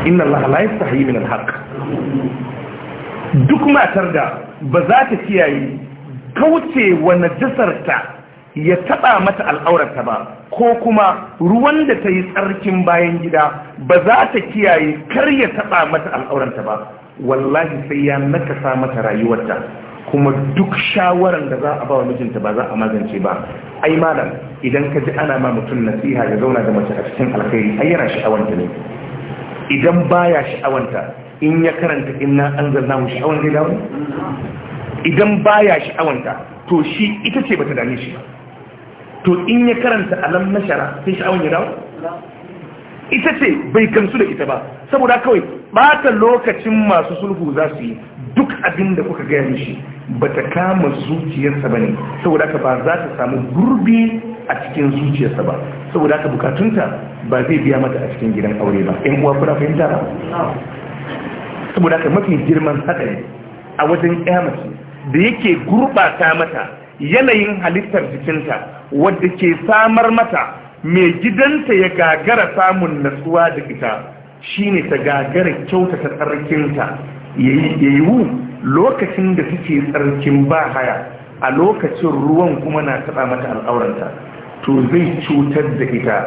inna Allah la yastahi min al-haq duk matar da ba za ta kiyaye kauce wa najasarta ya taɓa mata al'aurarta ba ko kuma ruwan da ta yi tsarkin bayan gida ba za ta kiyaye kar ya taɓa mata al'aurarta ba wallahi sai ya nakasa mata rayuwarta kuma duk shawaran da za a ba wa mijinta ba za a magance ba ai malam idan ka ji ana ma mutum nasiha ya zauna da mace a cikin alkhairi ai yana sha'awanta ne idan baya sha'awanta in ya karanta inna anzalna mu sha'awan zai idan baya sha'awanta to shi ita ce bata dame shi ba to in ya karanta alam nashara sai sha'awan ya dawo ita ce bai gamsu da ita ba saboda kawai bata lokacin masu sulhu za su yi duk abin da kuka gaya mishi ba ta kama zuciyarsa ba ne saboda ka ba za ta samu gurbi a cikin zuciyarsa ba saboda ka bukatunta ba zai biya mata a cikin gidan aure ba yan uwa kuna fahimta ba saboda ka mafi girman haɗari a wajen ƙyamace da yake gurɓata mata yanayin halittar jikinta wadda ke samar mata mai gidanta ya gagara samun natsuwa da ita shine ta gagara kyautata tsarkinta ya yiwu lokacin da suke tsarkin ba haya a lokacin ruwan kuma na taɓa mata al'auranta to zai cutar da ita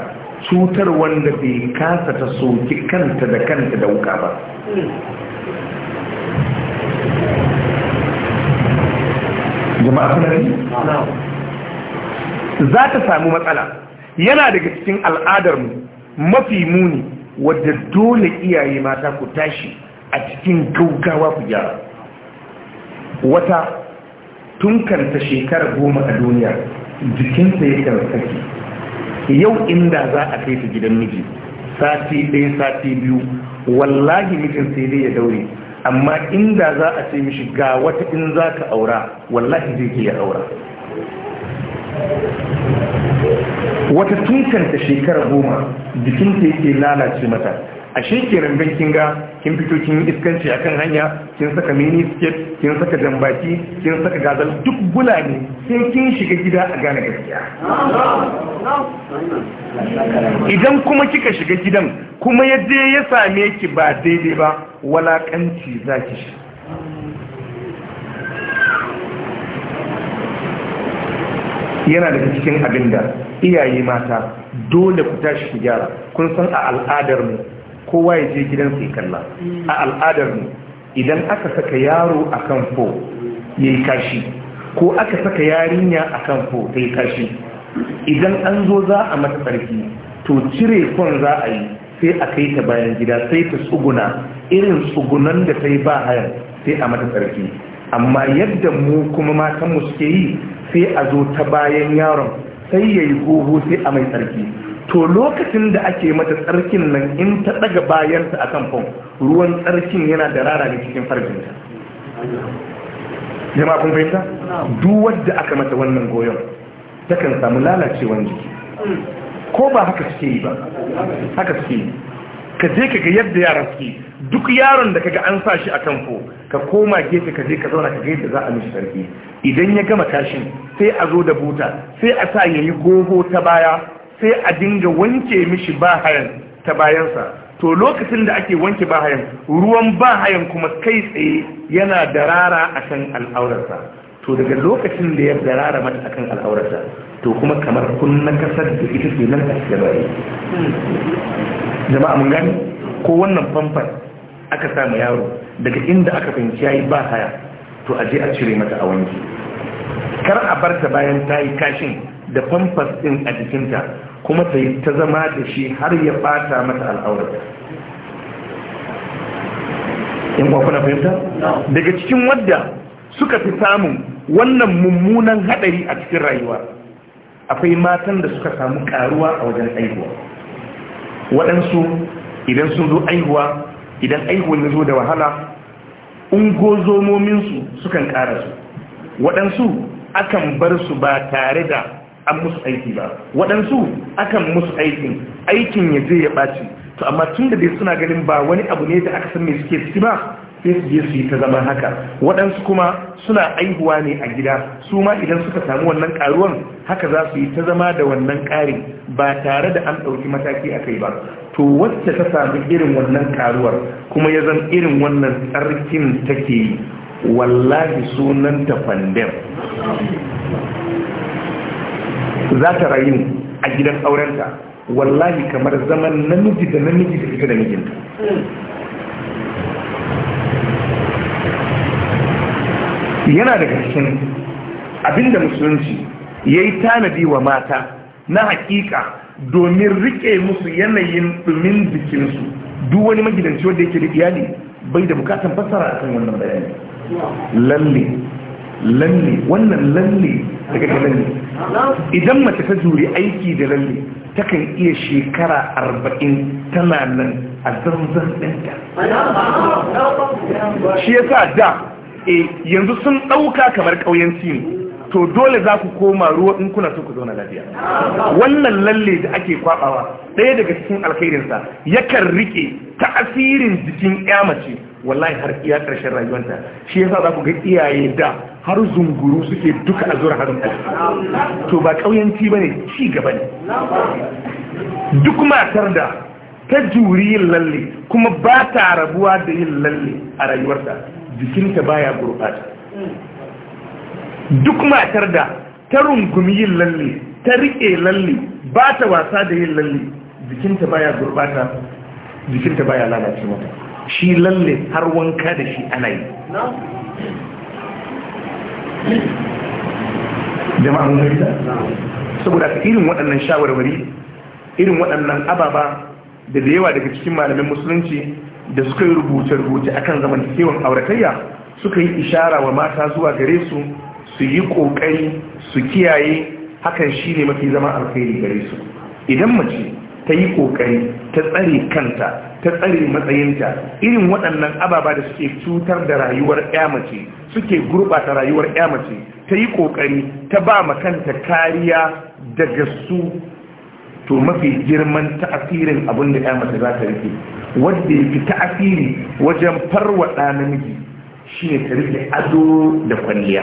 cutar wanda bai kasa ta soki kanta da kanta da wuka ba jama'a za ta samu matsala yana daga cikin al'adarmu mafi muni wadda dole iyaye mata ku tashi a cikin gaugawa ku gyara wata tun karta shekara goma a duniya jikinsa ya ki, yau inda za a kai ta gidan miji sati ɗaya sati biyu wallahi mijin sai dai ya daure amma inda za a ce mishi ga wata in za ka aura wallahi zai iya aura wata tunkanta shekara goma jikinta yake lalace mata ashe kenan dan kin ga kin fito kin iskanci akan hanya kin saka mini skirt kin saka jambaki kin saka gazal duk gulane sai kin shiga gida a gane gaskiya idan kuma kika shiga gidan kuma yadda ya same ki ba daidai ba walakanci zaki shi yana da cikin abinda iyaye mata dole ku tashi ku gyara kun san a al'adar mu kowa ya je gidan ya kalla a al'adar mu idan aka saka yaro a kan fo ya yi kashi ko aka saka yarinya a kan fo ta yi kashi idan an zo za a mata tsarki to cire kwan za a yi sai a kai ta bayan gida sai ta tsuguna irin tsugunan da ta yi ba hayan, sai a mata tsarki amma yadda mu kuma matanmu suke yi sai a zo ta bayan yaron sai ya yi goho sai a mai tsarki to lokacin da ake mata tsarkin nan in ta daga bayanta akan fom ruwan tsarkin yana da rara da cikin farginta. jama'a kun fahimta duk wadda aka mata wannan goyon takan samu lalacewan jiki ko ba haka suke yi ba haka suke yi ka je ka ga yadda yara suke duk yaron da kaga an sa shi a kanfo ka koma gefe ka je ka zauna ka ga yadda za a mishi sarki idan ya gama tashin sai a zo da buta sai a sa yayi gogo ta baya sai a dinga wanke mishi bahayan ta bayansa to lokacin da ake wanke bahayan ruwan bahayan kuma kai tsaye yana darara akan al'aurarsa to daga lokacin da ya darara mata akan al'aurarsa to kuma kamar kun na kasar da ita ke nan a gabari jama'a mun gani ko wannan famfan aka samu yaro daga inda aka fahimci yayi ba haya to a je a cire mata a wanke. kar a bar ta bayan ta yi kashin da famfas din a jikinta kuma ta yi ta zama da shi har ya bata mata al'aurar in kwafi na fahimta daga cikin wadda suka fi samun wannan mummunan haɗari a cikin rayuwa akwai matan da suka samu karuwa a wajen aihuwa waɗansu idan sun zo aihuwa idan aihuwa ya zo da wahala ungozomominsu sukan ƙara su waɗansu akan bar su ba tare da an musu aiki ba waɗansu akan musu aikin aikin ya je ya ɓaci to amma tun da dai suna ganin ba wani abu ne da aka san me suke ciki ba sai su je su yi ta zama haka waɗansu kuma suna aihuwa ne a gida su ma idan suka samu wannan ƙaruwan haka za su yi ta zama da wannan ƙari ba tare da an ɗauki mataki a kai ba to wacce ta samu irin wannan ƙaruwar kuma ya zama irin wannan tsarkin take yi wallahi ta fandem za ta rayu a gidan aurenta wallahi kamar zaman namiji da namiji da ita da mijinta yana daga cikin abinda musulunci ya yi tanadi wa mata na hakika domin rike musu yanayin dumin jikinsu duk wani magidanci wanda yake da iyali bai da bukatan fassara akan wannan bayani lalle lalle wannan lalle daga idan mace ta zuri aiki da lalle ta kan iya shekara arba'in tana nan a zanzan ɗanta shi ya sa da eh, yanzu sun ɗauka kamar ƙauyen sinu to dole za ku koma ruwa in kuna so ku zauna lafiya wannan lalle da ake kwabawa ɗaya daga cikin alkhairinsa yakan rike ta'asirin jikin ya mace wallahi har iya ƙarshen rayuwarta shi yasa za ku ga iyaye da har zunguru suke duka a zura harin to ba ƙauyanci ba ne ci gaba ne duk matar da ta juri yin lalle kuma ba ta rabuwa da yin lalle a rayuwarta jikinta baya gurɓata duk matar da ta rungumi yin lalle ta riƙe lalle ba ta wasa da yin lalle jikinta baya gurɓata jikinta baya lalace mata shi lalle har wanka da shi ana yi jama'an gaita saboda ka irin waɗannan shawarwari irin waɗannan ababa da da yawa daga cikin malamin musulunci da suka yi rubuce-rubuce akan zamantakewan auratayya suka yi ishara wa mata zuwa gare su su yi ƙoƙari su kiyaye hakan shi ne mafi zama alkhairi gare su idan mace ta yi kokari ta tsare kanta ta tsare matsayinta irin waɗannan ababa da suke cutar da rayuwar mace suke gurɓata rayuwar mace ta yi kokari ta ba ma kanta kariya daga su to mafi girman ta'asirin abin da mace za ta rike wanda yake fi ta'asiri wajen farwaɗa namiji shine ta rike ado da kwalliya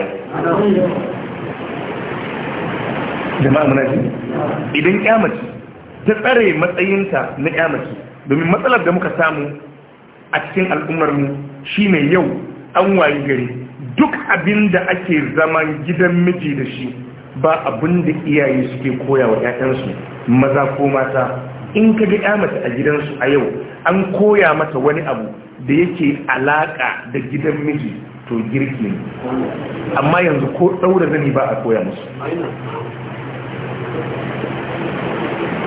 jama'a muna idan ta tsare matsayinta na yamaci domin matsalar da muka samu a cikin al'ummarmu shi ne yau an wayi gari duk abin da ake zaman gidan miji da shi ba abin da iyaye suke koya wa 'ya'yansu maza ko mata in ka ga ya a gidansu a yau an koya mata wani abu da yake alaƙa da gidan miji to girki ne amma yanzu ko ɗaura zani ba a koya musu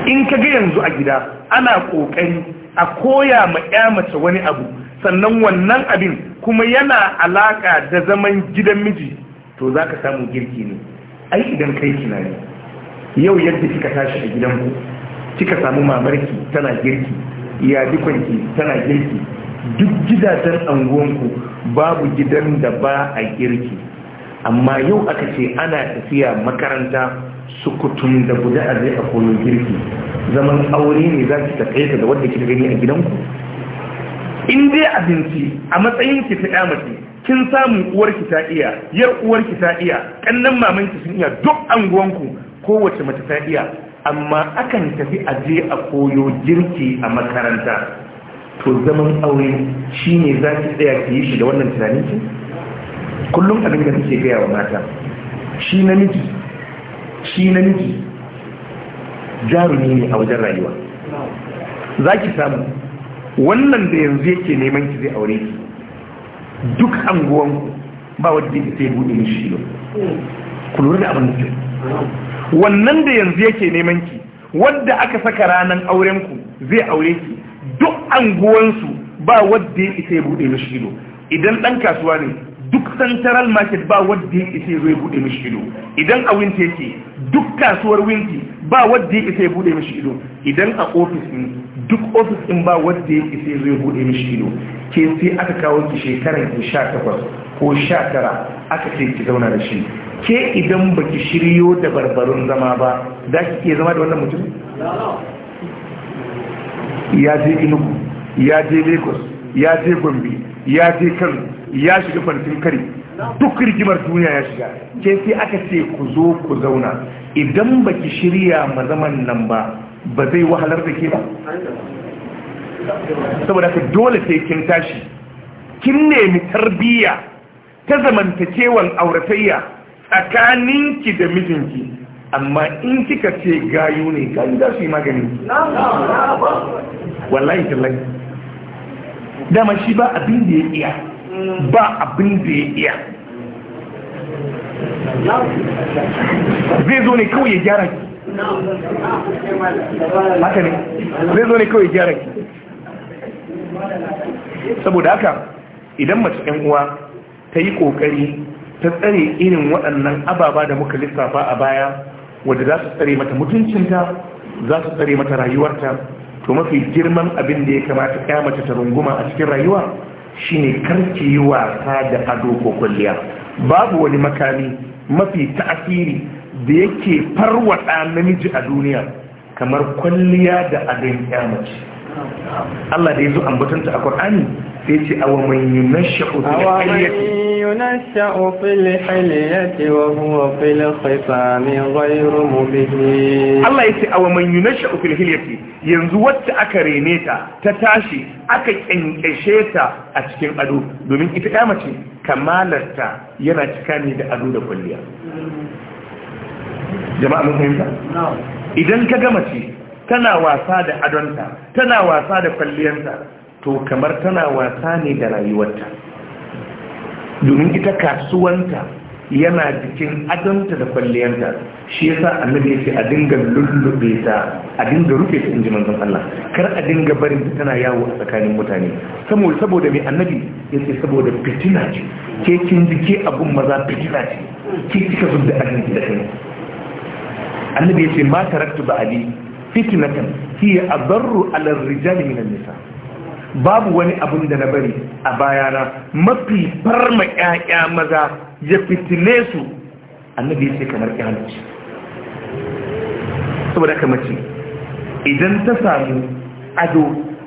in ka ga yanzu a gida ana ƙoƙari a koya ma ya mace wani abu sannan wannan abin kuma yana alaƙa da zaman gidan miji to za ka samu girki ne ai idan kai kina ne yau yadda kika tashi a gidanku kika samu mamarki tana girki iya dukanki tana girki duk gidajen anguwanku babu gidan da ba a girki amma yau aka ce ana tafiya makaranta sukutun da guda a zai a koyon girki zaman aure ne za ki taƙaita da wadda kika gani a gidanku in dai abinci a matsayin ki ta yamace kin samu uwar ki ta iya yar ki ta iya kannan mamanki sun iya duk anguwanku kowace mace ta iya amma akan tafi a je a koyo girki a makaranta to zaman aure shine za ki tsaya ki yi shi da wannan tunanin ki kullum abin da kike gaya wa mata shi namiji shi namiji jarumi ne a wajen rayuwa za ki samu wannan da yanzu yake neman ki zai aure ki duk anguwanku ba wadda ya sai buɗe mishi shi ku lura da abin da ke wannan da yanzu yake neman ki wadda aka saka ranar aurenku zai aure ki duk anguwansu ba wadda ya sai buɗe mishi shi idan ɗan kasuwa ne duk central market ba wadda ya isa zai bude mishi ido idan a winti yake duk kasuwar winti ba wadda ya isa ya bude mishi ido idan a ofis ne duk ofis din ba wadda ya isa zai bude mishi ido ke sai aka kawo ki shekaran ki takwas ko tara aka ce ki zauna da shi ke idan baki shiryo da barbarun zama ba za ki iya zama da wannan mutum ya je inugu ya je lagos ya je gombe ya je kano ya shiga farfin kare duk rigimar duniya ya shiga ke sai aka ce ku zo ku zauna idan baki shirya ma zaman nan ba ba zai wahalar da ke ba saboda ka dole sai kin tashi kin nemi tarbiyya ta zamantakewan auratayya tsakaninki da mijinki amma in kika ce gayu ne gayu za su yi magani wallahi tallahi dama shi ba abin da ya iya ba abin da ya iya zai zo ne kawai ya gyara ki haka ne zai zo ne kawai ya gyara ki saboda haka idan mace ɗan uwa ta yi ƙoƙari ta tsare irin waɗannan ababa da muka lissafa a baya wadda za su tsare mata mutuncinta za su tsare mata rayuwarta to mafi girman abin da ya kamata ya mace ta runguma a cikin rayuwa shine karki yi wasa da ado ko kwalliya babu wani makami mafi ta'asiri da yake farwada namiji a duniya kamar kwalliya da adon yamaci Allah da ya zo ambatanta a Qur'ani sai ce awa man yunashu fil hilyati wa huwa fil khisami ghayru mubin Allah ya ce awa man yunashu fil hilyati yanzu wacce aka rene ta ta tashi aka kyankyashe ta a cikin ado domin ita ya mace kamalarta yana cika ne da ado da kwalliya jama'a mun fahimta idan ka ga mace tana wasa da adonta tana wasa da kwalliyanta to kamar tana wasa ne da rayuwarta domin ita kasuwanta yana jikin adanta da kwalliyanta shi yasa annabi ya ce a dinga lullube ta a dinga rufe ta inji manzon Allah kar a dinga barin ta tana yawo a tsakanin mutane saboda saboda mai annabi ya ce saboda fitina ce ke kin jike abun maza fitina ce ke kika zubda annabi da kai annabi ya ce ma taraktu ba ali fitnatan hiya adarru ala rijali min nisa babu wani abun da na bari a bayana mafi farma ƴaƴa maza ya fitile su annabi sai kamar ƙyanci saboda ka mace idan ta samu ado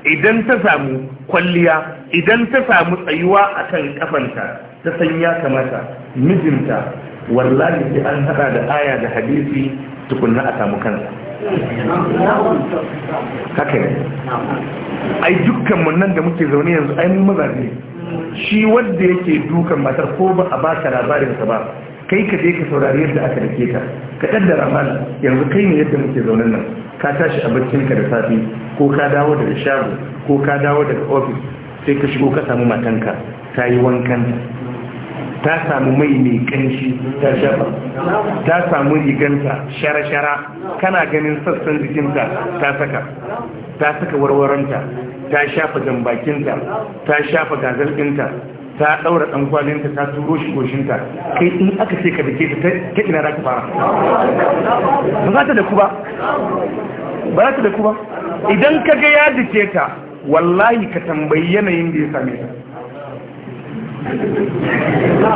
idan ta samu kwalliya idan ta samu tsayuwa a kan kafanta ta san ya kamata mijinta wallahi sai an haɗa da aya da hadisi tukunna a samu kansa haka ne ai dukkan mun nan da muke zaune yanzu ai mun maza ne shi wanda yake dukan matar ko ba a ba ka labarin ka ba kai ka je ka saurari yadda aka dake ka ka kaddara mana yanzu kai ne yadda muke zaune nan ka tashi a ka da safe ko ka dawo daga shago ko ka dawo daga ofis sai ka shigo ka samu matanka ta yi wankan ta samu mai mai kanshi ta shafa ta samu riganta shara-shara kana ganin sassan jikinta ta saka ta saka warwaranta ta shafa jambakinta ta shafa gazal ta ɗaura ɗan kwalinta ta turo shi goshinta kai in aka ce ka dake ta ina za ka fara ba za ta da ku ba ba za ta da ku ba idan ka ga ya dake ta wallahi ka tambayi yanayin da ya same ta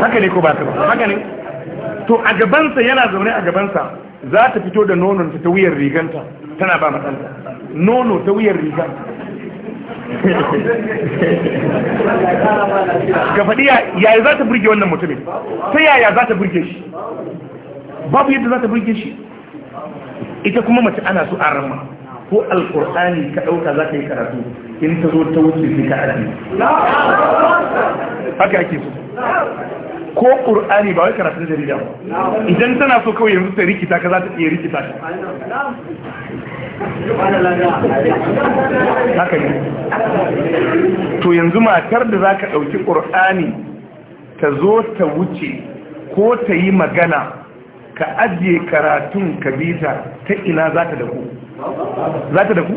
haka ne ko ba ta haka ne to a gabansa yana zaune a gabansa za ta fito da nono ta wuyar riganta tana ba matsanta nono ta wuyar riga ga faɗi yaya za ta burge wannan mutumin ta yaya za ta burge shi babu yadda za ta burge shi ita kuma mace ana su a ko alkur'ani ka ɗauka za ka yi karatu in ta zo ta wuce sai ka aji haka ake so ko ƙur'ani ba wai karatun jarida ba idan tana so kawai yanzu ta rikita ka za ta iya rikita ka haka ne to yanzu matar da za ka ɗauki ƙur'ani ta zo ta wuce ko ta yi magana ka ajiye karatun kabita ta ina za ta daku za ta daku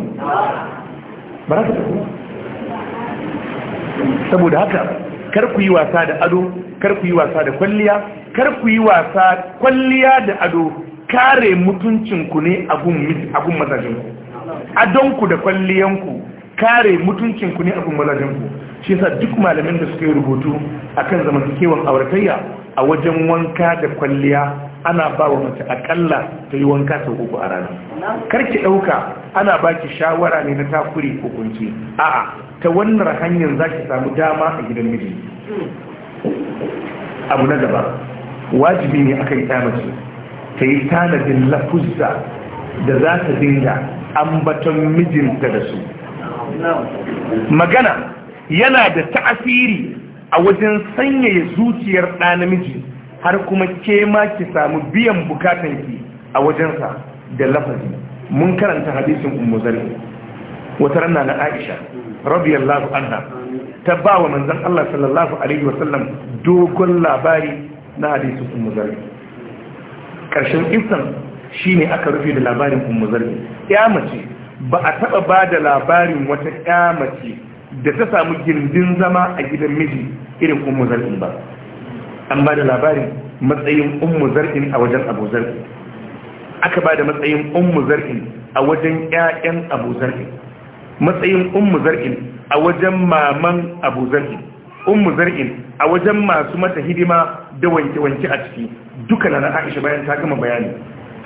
saboda haka kar ku yi wasa da ado kar ku yi wasa da kwalliya kar ku yi wasa kwalliya da ado kare mutuncinku ne a gun mazajenku adonku da kwalliyanku kare mutuncinku ne a gun mazajenku shi yasa duk malamin da suka yi rubutu akan zamantakewan auratayya a wajen wanka da kwalliya ana ba wa mace akalla ta yi wanka sau uku a rana Kar ki ɗauka ana baki shawara ne na takuri ko kunci a'a ta wannan hanyar za ki samu dama a gidan miji abu na gaba wajibi ne akan ta mace ta yi tanadin lafuzza da za ta dinga ambaton mijinta da su magana yana da ta'asiri a wajen sanyaya zuciyar ɗa namiji har kuma ke ma ki samu biyan bukatanki a wajensa da lafazi mun karanta hadisin ummu zarri wata ranna na aisha radiyallahu anha ta ba wa manzon Allah sallallahu alaihi wasallam dogon labari na hadisin ummu zarri karshen isan shine aka rufe da labarin ummu zarri ya mace ba a taba ba da labarin wata ya mace da ta samu gindin zama a gidan miji irin ummu zarri ba an ba da labarin matsayin ummu zarri a wajen abu zarri aka ba da matsayin ummu zarkin a wajen ƴaƴan abu zarkin, matsayin ummu zarkin a wajen maman abu zarkin, ummu zarkin a wajen masu mata hidima da wanke-wanke a ciki duka na aisha bayan ta gama bayani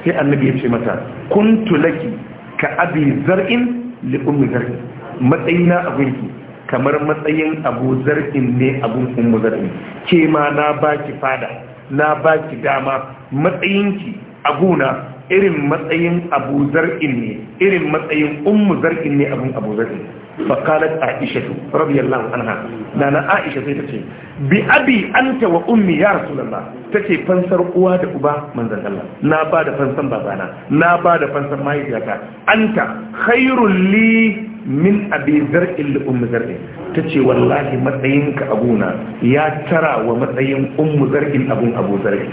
sai annabi ya ce mata kuntu laki ka abi zarkin li ummu zar'in matsayina a gunki kamar matsayin abu zarkin ne abun ummu zarkin. ke ma na baki fada na baki dama matsayinki a gona irin matsayin abu zar'in ne irin matsayin ummu zar'in ne abin abu zar'in fakalat aisha radiyallahu anha nana aisha sai tace bi abi anta wa ummi ya rasulullah tace fansar uwa da uba manzon Allah na ba da fansar babana na ba da fansar mahaifiyata anta khairul li min abi zar'in li ummu zar'in tace wallahi matsayin ka abuna ya tara wa matsayin ummu zar'in abun abu zar'in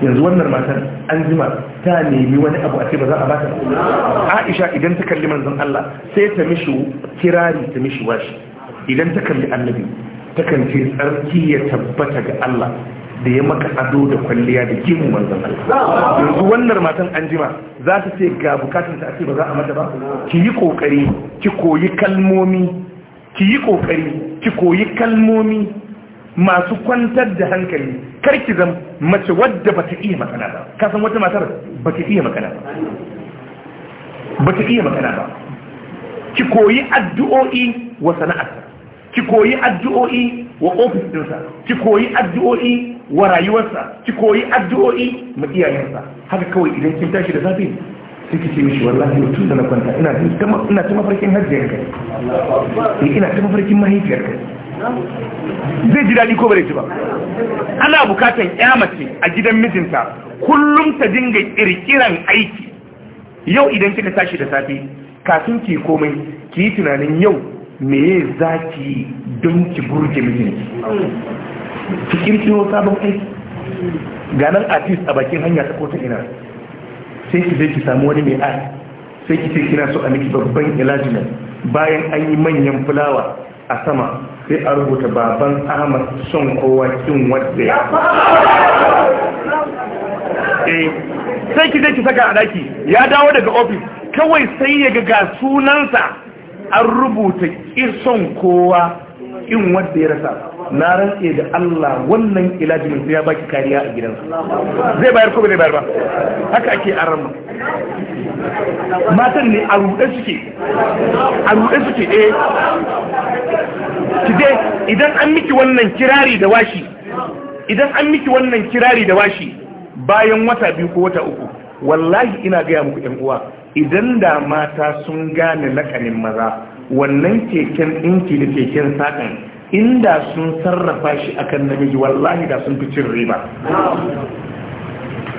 yanzu wannan matan an jima ta nemi wani abu a ce ba za a ba ta Aisha idan ta kalli manzon Allah sai ta mishi kirari ta mishi washi idan ta kalli annabi takan ce tsarki ya tabbata ga Allah da ya maka ado da kwalliya da gimu manzan Allah yanzu wannan matan an jima za ta ce ga bukatun ta ce ba za a mata ba ki yi kokari ki koyi kalmomi ki yi kokari ki koyi kalmomi masu kwantar da hankali kar ki zam mace wadda ba ta iya magana ba ka san wata matar ba ta iya magana ba Ba ta iya magana ba ki koyi addu'o'i wa sana'ar. ki koyi addu'o'i wa ofis ɗinsa ki koyi addu'o'i wa rayuwarsa ki koyi addu'o'i ma iyayensa haka kawai idan kin tashi da safe sai ki ce mishi wallahi mutum da na kwanta ina ina ta mafarkin hajjiyar kai eh, ina ta mafarkin mahaifiyar kai zai ji daɗi ko bare ji ba ana bukatan ya mace a gidan mijinta kullum ta dinga kirkiran aiki yau idan kika tashi da safe kafin ki komai ki yi tunanin yau me za ki don ki burge mijinki ki kirkiro sabon aiki ganan artist a bakin hanya ta kotun ina sai ki zai ki samu wani mai art sai ki sai kina so a miki babban ilajinan bayan an yi manyan fulawa a sama sai a rubuta baban ahmad son kowa kin wadda ya eh, sai ki zai ki saka a daki ya dawo daga ofis kawai sai ya ga sunansa an rubuta son kowa kin wadda ya rasa na rantse da Allah wannan ilaji mai ya baki kariya a gidansa zai bayar ko bai bayar ba haka ake aran matan ne a ruɗe suke a ruɗe suke eh dai idan an miki wannan kirari da washi idan an miki wannan kirari da washi bayan wata biyu ko wata uku wallahi ina gaya muku ɗan uwa idan da mata sun gane lakanin maza wannan keken ɗinki da keken saƙan inda sun sarrafa shi a kan namiji wallahi da sun fi cin riba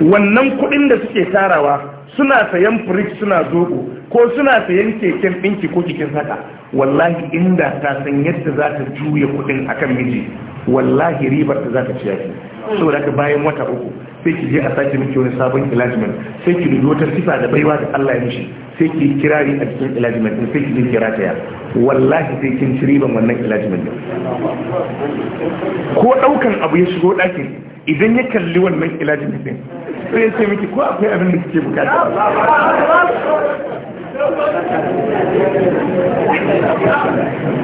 wannan kudin da suke tarawa suna sayan firik suna zoɓo, ko suna sayan keken ɗinki ko kikin saka wallahi inda ta san yadda za ta juya kudin kan miji wallahi ribar ta za ta da saboda bayan wata uku sai ki je a sake miki wani sabon ilajimen sai ki dubi wata sifa da baiwa da Allah ya mishi sai ki kirari a cikin ilajimen din sai ki je kira ta ya wallahi sai kin shiri riban wannan ilajimen din ko daukan abu ya shigo dakin idan ya kalli wannan ilajimen din sai ya ce miki ko akwai abin da kike bukata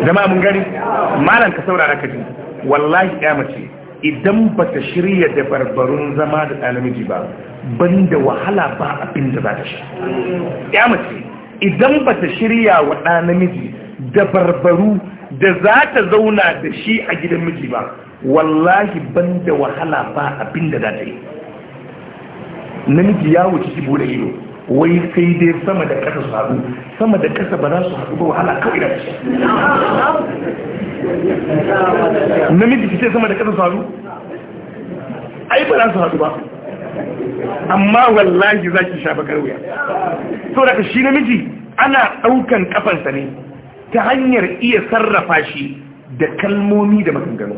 jama'a mun gani malam ka saurara ka ji wallahi ya mace idan ba ta shirya da barbarun zama da ɗalamiji ba banda wahala ba abin da za ta shi ya mace idan ba ta shirya wa ɗalamiji da barbaru da za ta zauna da shi a gidan miji ba wallahi banda wahala ba abin da za ta yi namiji ya wuce shi bude ido wai sai dai sama da ƙasa su haɗu sama da ƙasa ba za su haɗu ba wahala kawai da shi namiji ki ce sama da su haɗu? ai ba za su haɗu ba amma wallahi za ki shafa karwiya so daga shi namiji ana ɗaukan ƙafansa ne ta hanyar iya sarrafa shi da kalmomi da maganganu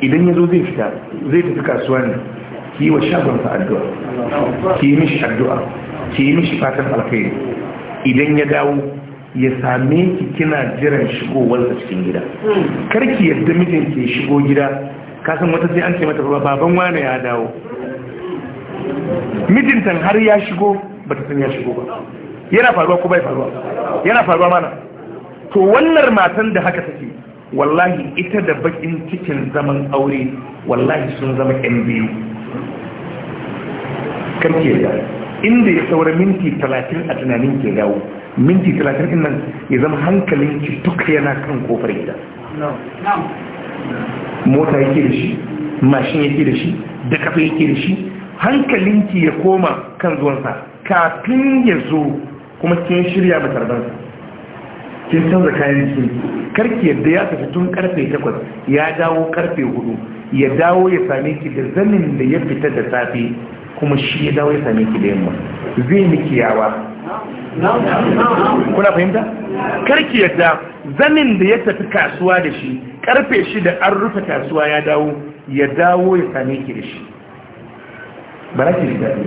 idan ya zo zai fita zai tafi kasuwa ne ki yi wa shagonsa addu'a ki yi mishi addu'a ki yi mishi fatan alkhairi idan ya dawo ya same ki kina jiran shigowarsa cikin gida karki yadda mijin ke shigo gida kasan wata sai an ce mata baban wane ya dawo mijintan har ya shigo ba ta san ya shigo ba yana faruwa ko bai faruwa yana faruwa mana to wannan matan da haka take wallahi ita da bakin cikin zaman aure wallahi sun zama yan biyu karki yadda inda ya saura minti talatin a tunanin ke dawo minti talatin din nan ya zama hankalin ki duk yana kan kofar gida mota yake da shi mashin yake da shi da kafa yake da shi hankalinki ya koma kan zuwansa kafin ya zo kuma kin shirya matarbansa kin canza kayan jikin karki yadda ya tafi tun karfe 8 ya dawo karfe 4 ya dawo ya same ki da zanin da ya fita da safe kuma shi ya dawo ya same ki da yamma zai miki yawa kuna fahimta karki yadda zanin da ya tafi kasuwa da shi karfe shi da an rufe kasuwa ya dawo ya dawo ya same ki da shi ba na ki daɗi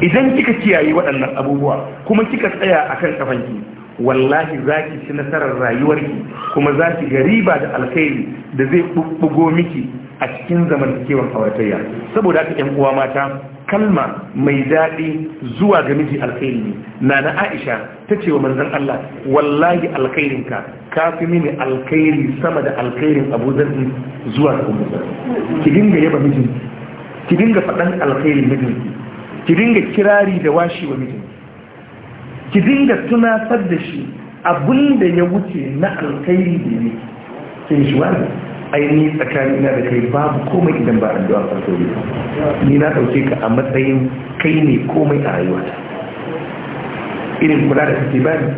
idan kika kiyaye waɗannan abubuwa kuma kika tsaya a kan kafanki wallahi za ki ci nasarar rayuwarki kuma za ki ga riba da alkhairi da zai ɓuɓɓugo miki a cikin zamantakewar kawatayya saboda haka 'yan uwa mata kalma mai daɗi zuwa ga miji alkhairi ne na na aisha ta ce wa manzan Allah wallahi alkhairinka ka fi mini alkhairi sama da alkhairin abu zarfi zuwa ga umar ki dinga yaba mijin ki dinga faɗan alkhairin mijin ki dinga kirari da washi wa mijin ki dinga tunatar da shi abinda ya wuce na alkhairi da ne kin shi wani aini tsakanin na da kai babu komai idan ba addu'a a so ni na dauke ka a matsayin kai ne komai a rayuwata irin kula da kake bani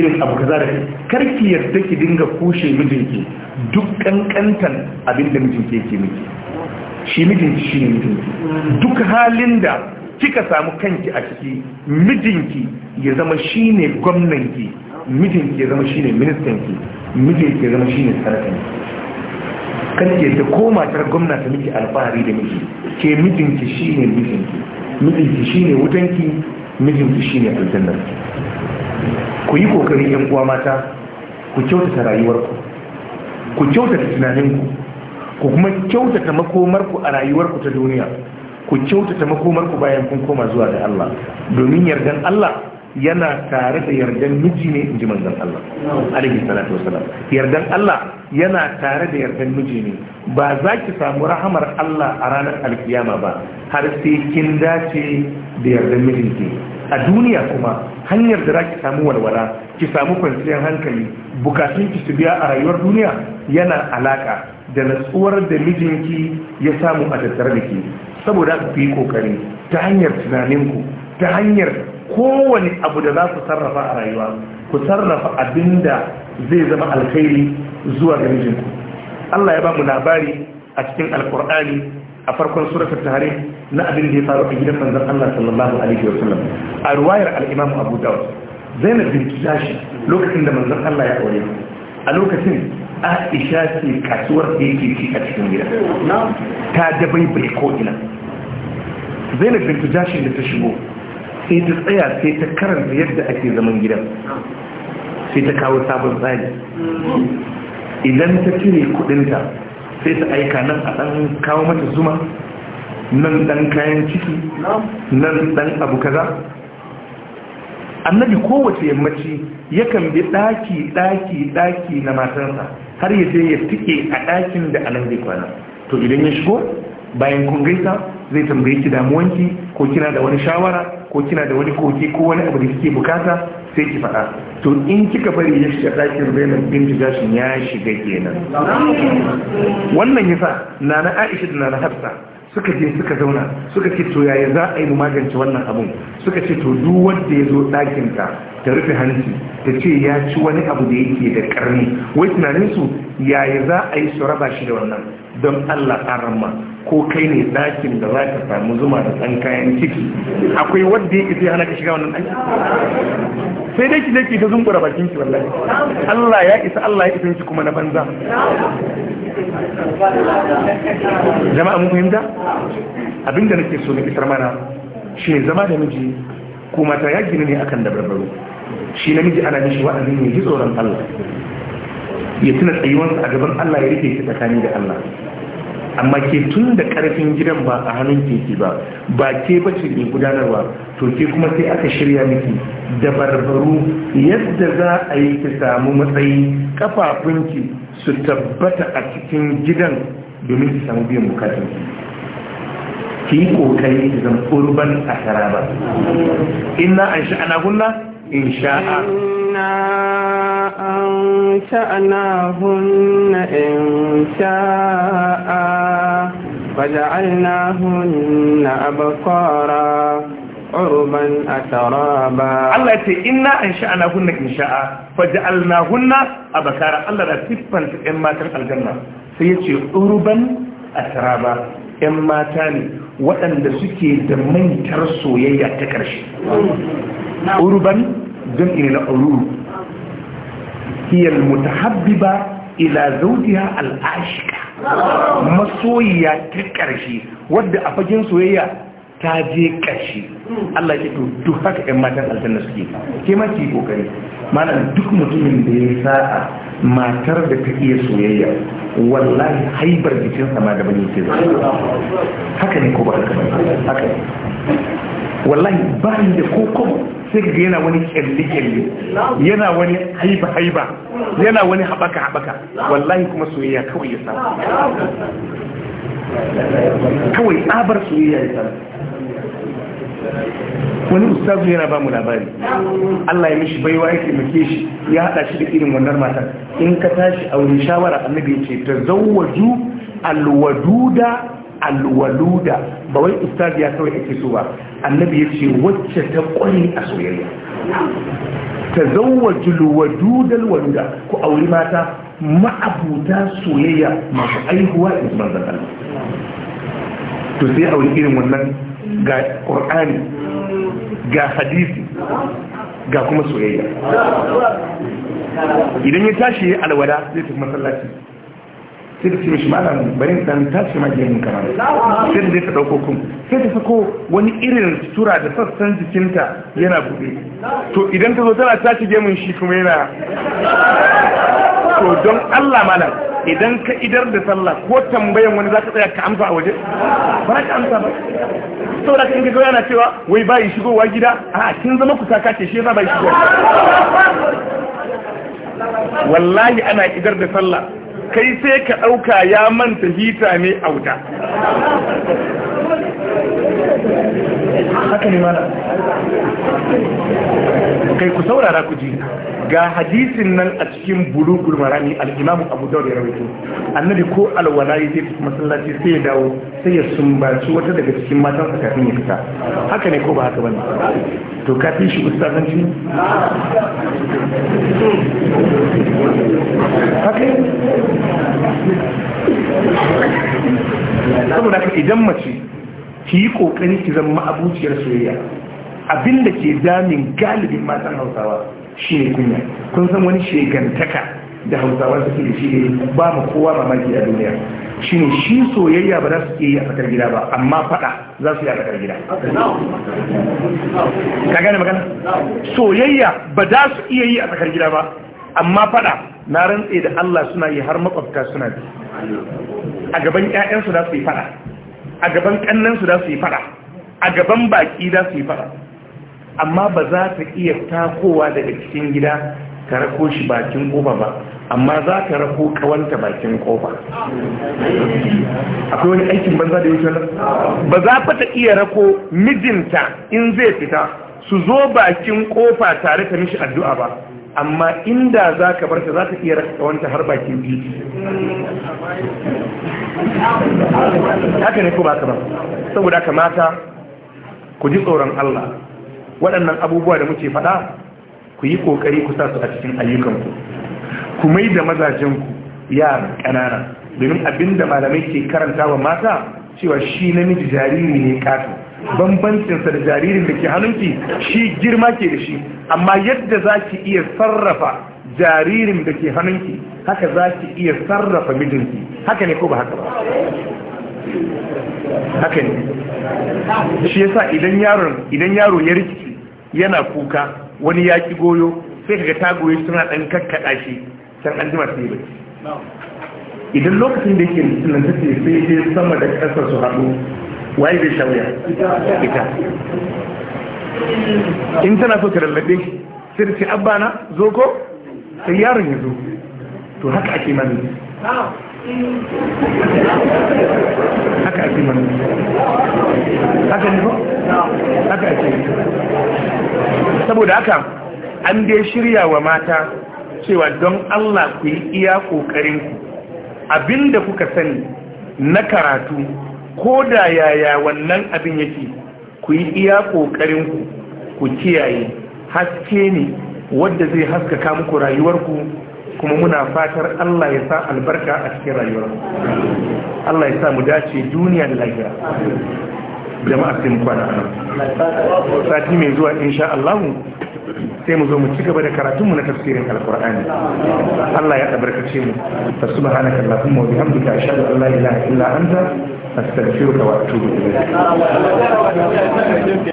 irin abu kaza da karki ya ki dinga kushe mijinki duk kankantan abin da mijinki yake miki shi mijinki shi ne mijinki duk halin da kika samu kanki a ciki mijinki ya zama shi ne gwamnanki mijinki ya zama shi ne ministanki mijinki ya zama shi ne sarakanki karke ta ko matar gwamna ta miki alfahari da miki ke mijinki shi ne mijinki mijinki shi ne wutanki mijinki shi ne aljannar ku yi kokarin yan uwa mata ku kyautata rayuwarku ku kyautata tunaninku ku kuma kyautata makomarku a rayuwarku ta duniya ku kyautata makomarku bayan kun koma zuwa da Allah domin yardan Allah yana tare da yardan miji ne ji manzan Allah alaihi salatu wasalam yardan Allah yana tare da yardan miji ne ba za ki samu rahamar Allah a ranar alkiyama ba har sai kin dace da yardan mijinki a duniya kuma hanyar da za ki samu walwala ki samu kwanciyar hankali bukatun ki su biya a rayuwar duniya yana alaka da natsuwar da mijinki ya samu a tattare da ke saboda ku yi kokari ta hanyar tunaninku ta hanyar kowane abu da za ku sarrafa a rayuwa ku sarrafa abin da zai zama alkhairi zuwa ga mijinku Allah ya ba mu labari a cikin alkur'ani a farkon suratul tahrim na abin da ya faru a gidan manzon Allah sallallahu alaihi wasallam a ruwayar al-Imam Abu Dawud Zainab bint Jashi lokacin da manzon Allah ya aure a lokacin Aisha ce kasuwar da yake ci a cikin gida ta dabaibaye ko ina Zainab bint Jashi da ta shigo sai ta tsaya sai ta karanta yadda ake zaman gidan sai ta kawo sabon tsari idan ta cire kudinta sai ta aika nan a dan kawo mata zuma nan dan kayan ciki nan dan abu kaza annabi kowace yammaci yakan bi ɗaki, ɗaki, ɗaki na matarsa har ya je ya tike a ɗakin da anan zai kwana to idan ya shigo bayan kun gaisa zai tambaye ki damuwanki ko kina da wani shawara ko kina da wani koki ko wani abu da kike bukata sai ki faɗa to in kika bari ya shiga ɗakin zainab bin gashin ya shiga kenan wannan yasa nana aisha da nana hafsa suka je suka zauna suka ce to yaya za a yi mu magance wannan abun suka ce to duk wanda ya zo ɗakin ka ta rufe hanci ta ce ya ci wani abu da yake da karni wai tunaninsu yaya za a yi su raba shi da wannan don Allah arma ko kai ne ɗakin da za ka samu zuma da ɗan kayan ciki akwai wadda ya isa hana ka shiga wannan ɗaki sai dai ki je ki ta zumbura bakin ki wallahi Allah ya isa Allah ya isa ki kuma na banza jama'a mun fahimta abinda nake so na isar mana shi zama da miji kuma ta ya gina ne akan da barbaro shi namiji ana mishi wa'azin ne ji tsoron Allah ya tuna tsayuwarsa a gaban Allah ya rike shi tsakani da Allah amma ke tun da karfin gidan ba a hannun keke ba ba ke bace ke gudanarwa to ke kuma sai aka shirya miki da barbaru yadda za a yi ki samu matsayi kafafunki su tabbata a cikin gidan domin ki samu biyan bukatun ki yi kokari ki zan kurban a ba inna an sha'ana hunna إن شاء إنا أنشأناهن إن شاء فجعلناهن أبقارا عربا أترابا الله يتي إنا أنشأناهن إن شاء فجعلناهن أبكارا الله لا تفن في إما الجنة سيتي عربا أترابا 'yan mata ne waɗanda suke da mantar soyayya ta ƙarshe urban jam'i na ururu hiyar mutahabbiba ila zaudiya al'ashika masoyiya ta ƙarshe wadda a fagen soyayya ta je ƙarshe Allah ya to duk haka 'yan matan aljanna suke ke ma ki kokari malam duk mutumin da ya sa'a matar da ta iya soyayya wallahi haibar jikinsa ma bane yake zai haka ne ko ba haka haka ne wallahi ba da koko, sai ga yana wani kyalle kyalle yana wani haiba haiba yana wani habaka habaka wallahi kuma soyayya kawai ya sa kawai tsabar soyayya ya sa wani ustazu yana ba mu labari Allah ya mishi baiwa ya taimake shi ya haɗa shi da irin wannan matar in ka tashi a wurin shawara annabi ya ce ta zawwaju alwaduda alwaluda ba wai ustazu ya kawai ake so ba annabi ya ce wacce ta kware a soyayya ta zawwaju alwaduda alwaluda ku wuri mata ma'abuta soyayya masu aihuwa in manzon Allah to sai a wurin irin wannan ga ƙor'ani ga hadisi ga kuma soyayya idan ya tashi ya alwada zai tafi masallaci sai ta ce ma'ala malam bari ta tashi ma gidan kamar sai da zai ta dauko kun sai ta sako wani irin sutura da sassan jikinta yana buɗe to idan ta zo tana tashi gemun shi kuma yana to don Allah malam idan ka idar da sallah ko tambayan wani za ka tsaya ka amsa a waje ba ka amsa ba saboda kan ga yana cewa wai bayi shigowa gida a kin zama ku saka ce shi yasa yi shigowa wallahi ana idar da sallah kai sai ka dauka ya manta hita ne a wuta haka ne mana kai ku saurara ku ji ga hadisin nan a cikin bulugul marami al'imamu abu dawud ya rawaito annabi ko alwala ya je masallaci sai ya dawo sai ya sumbaci wata daga cikin matan sa kafin ya fita haka ne ko ba haka bane to kafin shi ustazanci haka saboda idan mace ki yi kokari ki zama abuciyar soyayya abinda ke damin galibin matan hausawa shi ne kunya kun san wani shegantaka da hausawa su da shi ne ba mu kowa mamaki a duniya shi ne shi soyayya ba za su iya yi a tsakar gida ba amma fada za su yi a tsakar gida ka gane magana soyayya ba za su iya yi a tsakar gida ba amma fada na rantse da Allah suna yi har makwabta suna bi a gaban 'ya'yansu za su yi fada a gaban kannansu da su yi fara a gaban baki da su yi fara amma ba za ta iya takowa daga cikin gida ta rako shi bakin kofa ba amma za ta rako kawanta bakin kofa akwai wani aikin banza da yake ba za ta iya rako mijinta in zai fita su zo bakin kofa tare ta mishi addu'a ba amma inda za ka barta za ka iya rasa wanta har bakin biyu haka ne ko ba ka saboda ka mata ku ji tsoron Allah waɗannan abubuwa da muke faɗa ku yi ƙoƙari ku sa su a cikin ayyukanku ku mai da mazajenku yara ƙanana domin abinda malamai ke karanta wa mata cewa shi namiji jariri ne kafin. bambancinsa da jaririn da ke hannunki shi girma ke da shi amma yadda za ki iya sarrafa jaririn da ke hannunki haka za ki iya sarrafa mijinki haka ne ko ba haka ba haka ne shi yasa idan yaron idan yaro ya rikici yana kuka wani ya ki goyo sai kaga ta goyo suna dan kakkaɗa shi can an jima sai bai idan lokacin da yake lantarki sai sai sama da ƙasa su haɗu waye zai sha ita in tana so ta lallabe sai ta abba na zo ko sai yaron ya zo to haka ake mani haka ake mani haka ne ko haka ake saboda haka an dai shirya wa mata cewa don Allah ku yi iya ƙoƙarinku abinda kuka sani na karatu ko da yaya wannan abin yake ku yi iya ƙoƙarinku ku kiyaye haske ne wadda zai haskaka muku rayuwarku kuma muna fatar Allah ya sa albarka a cikin rayuwarku Allah ya sa mu dace duniya da lahira jama'a sun kwana sati mai zuwa insha Allah sai mu zo mu ci gaba da karatun mu na tafsirin alkur'ani Allah ya tabarkace mu fa subhanaka allahumma wa bihamdika ashhadu an la ilaha illa anta astaghfiruka wa atubu ilayk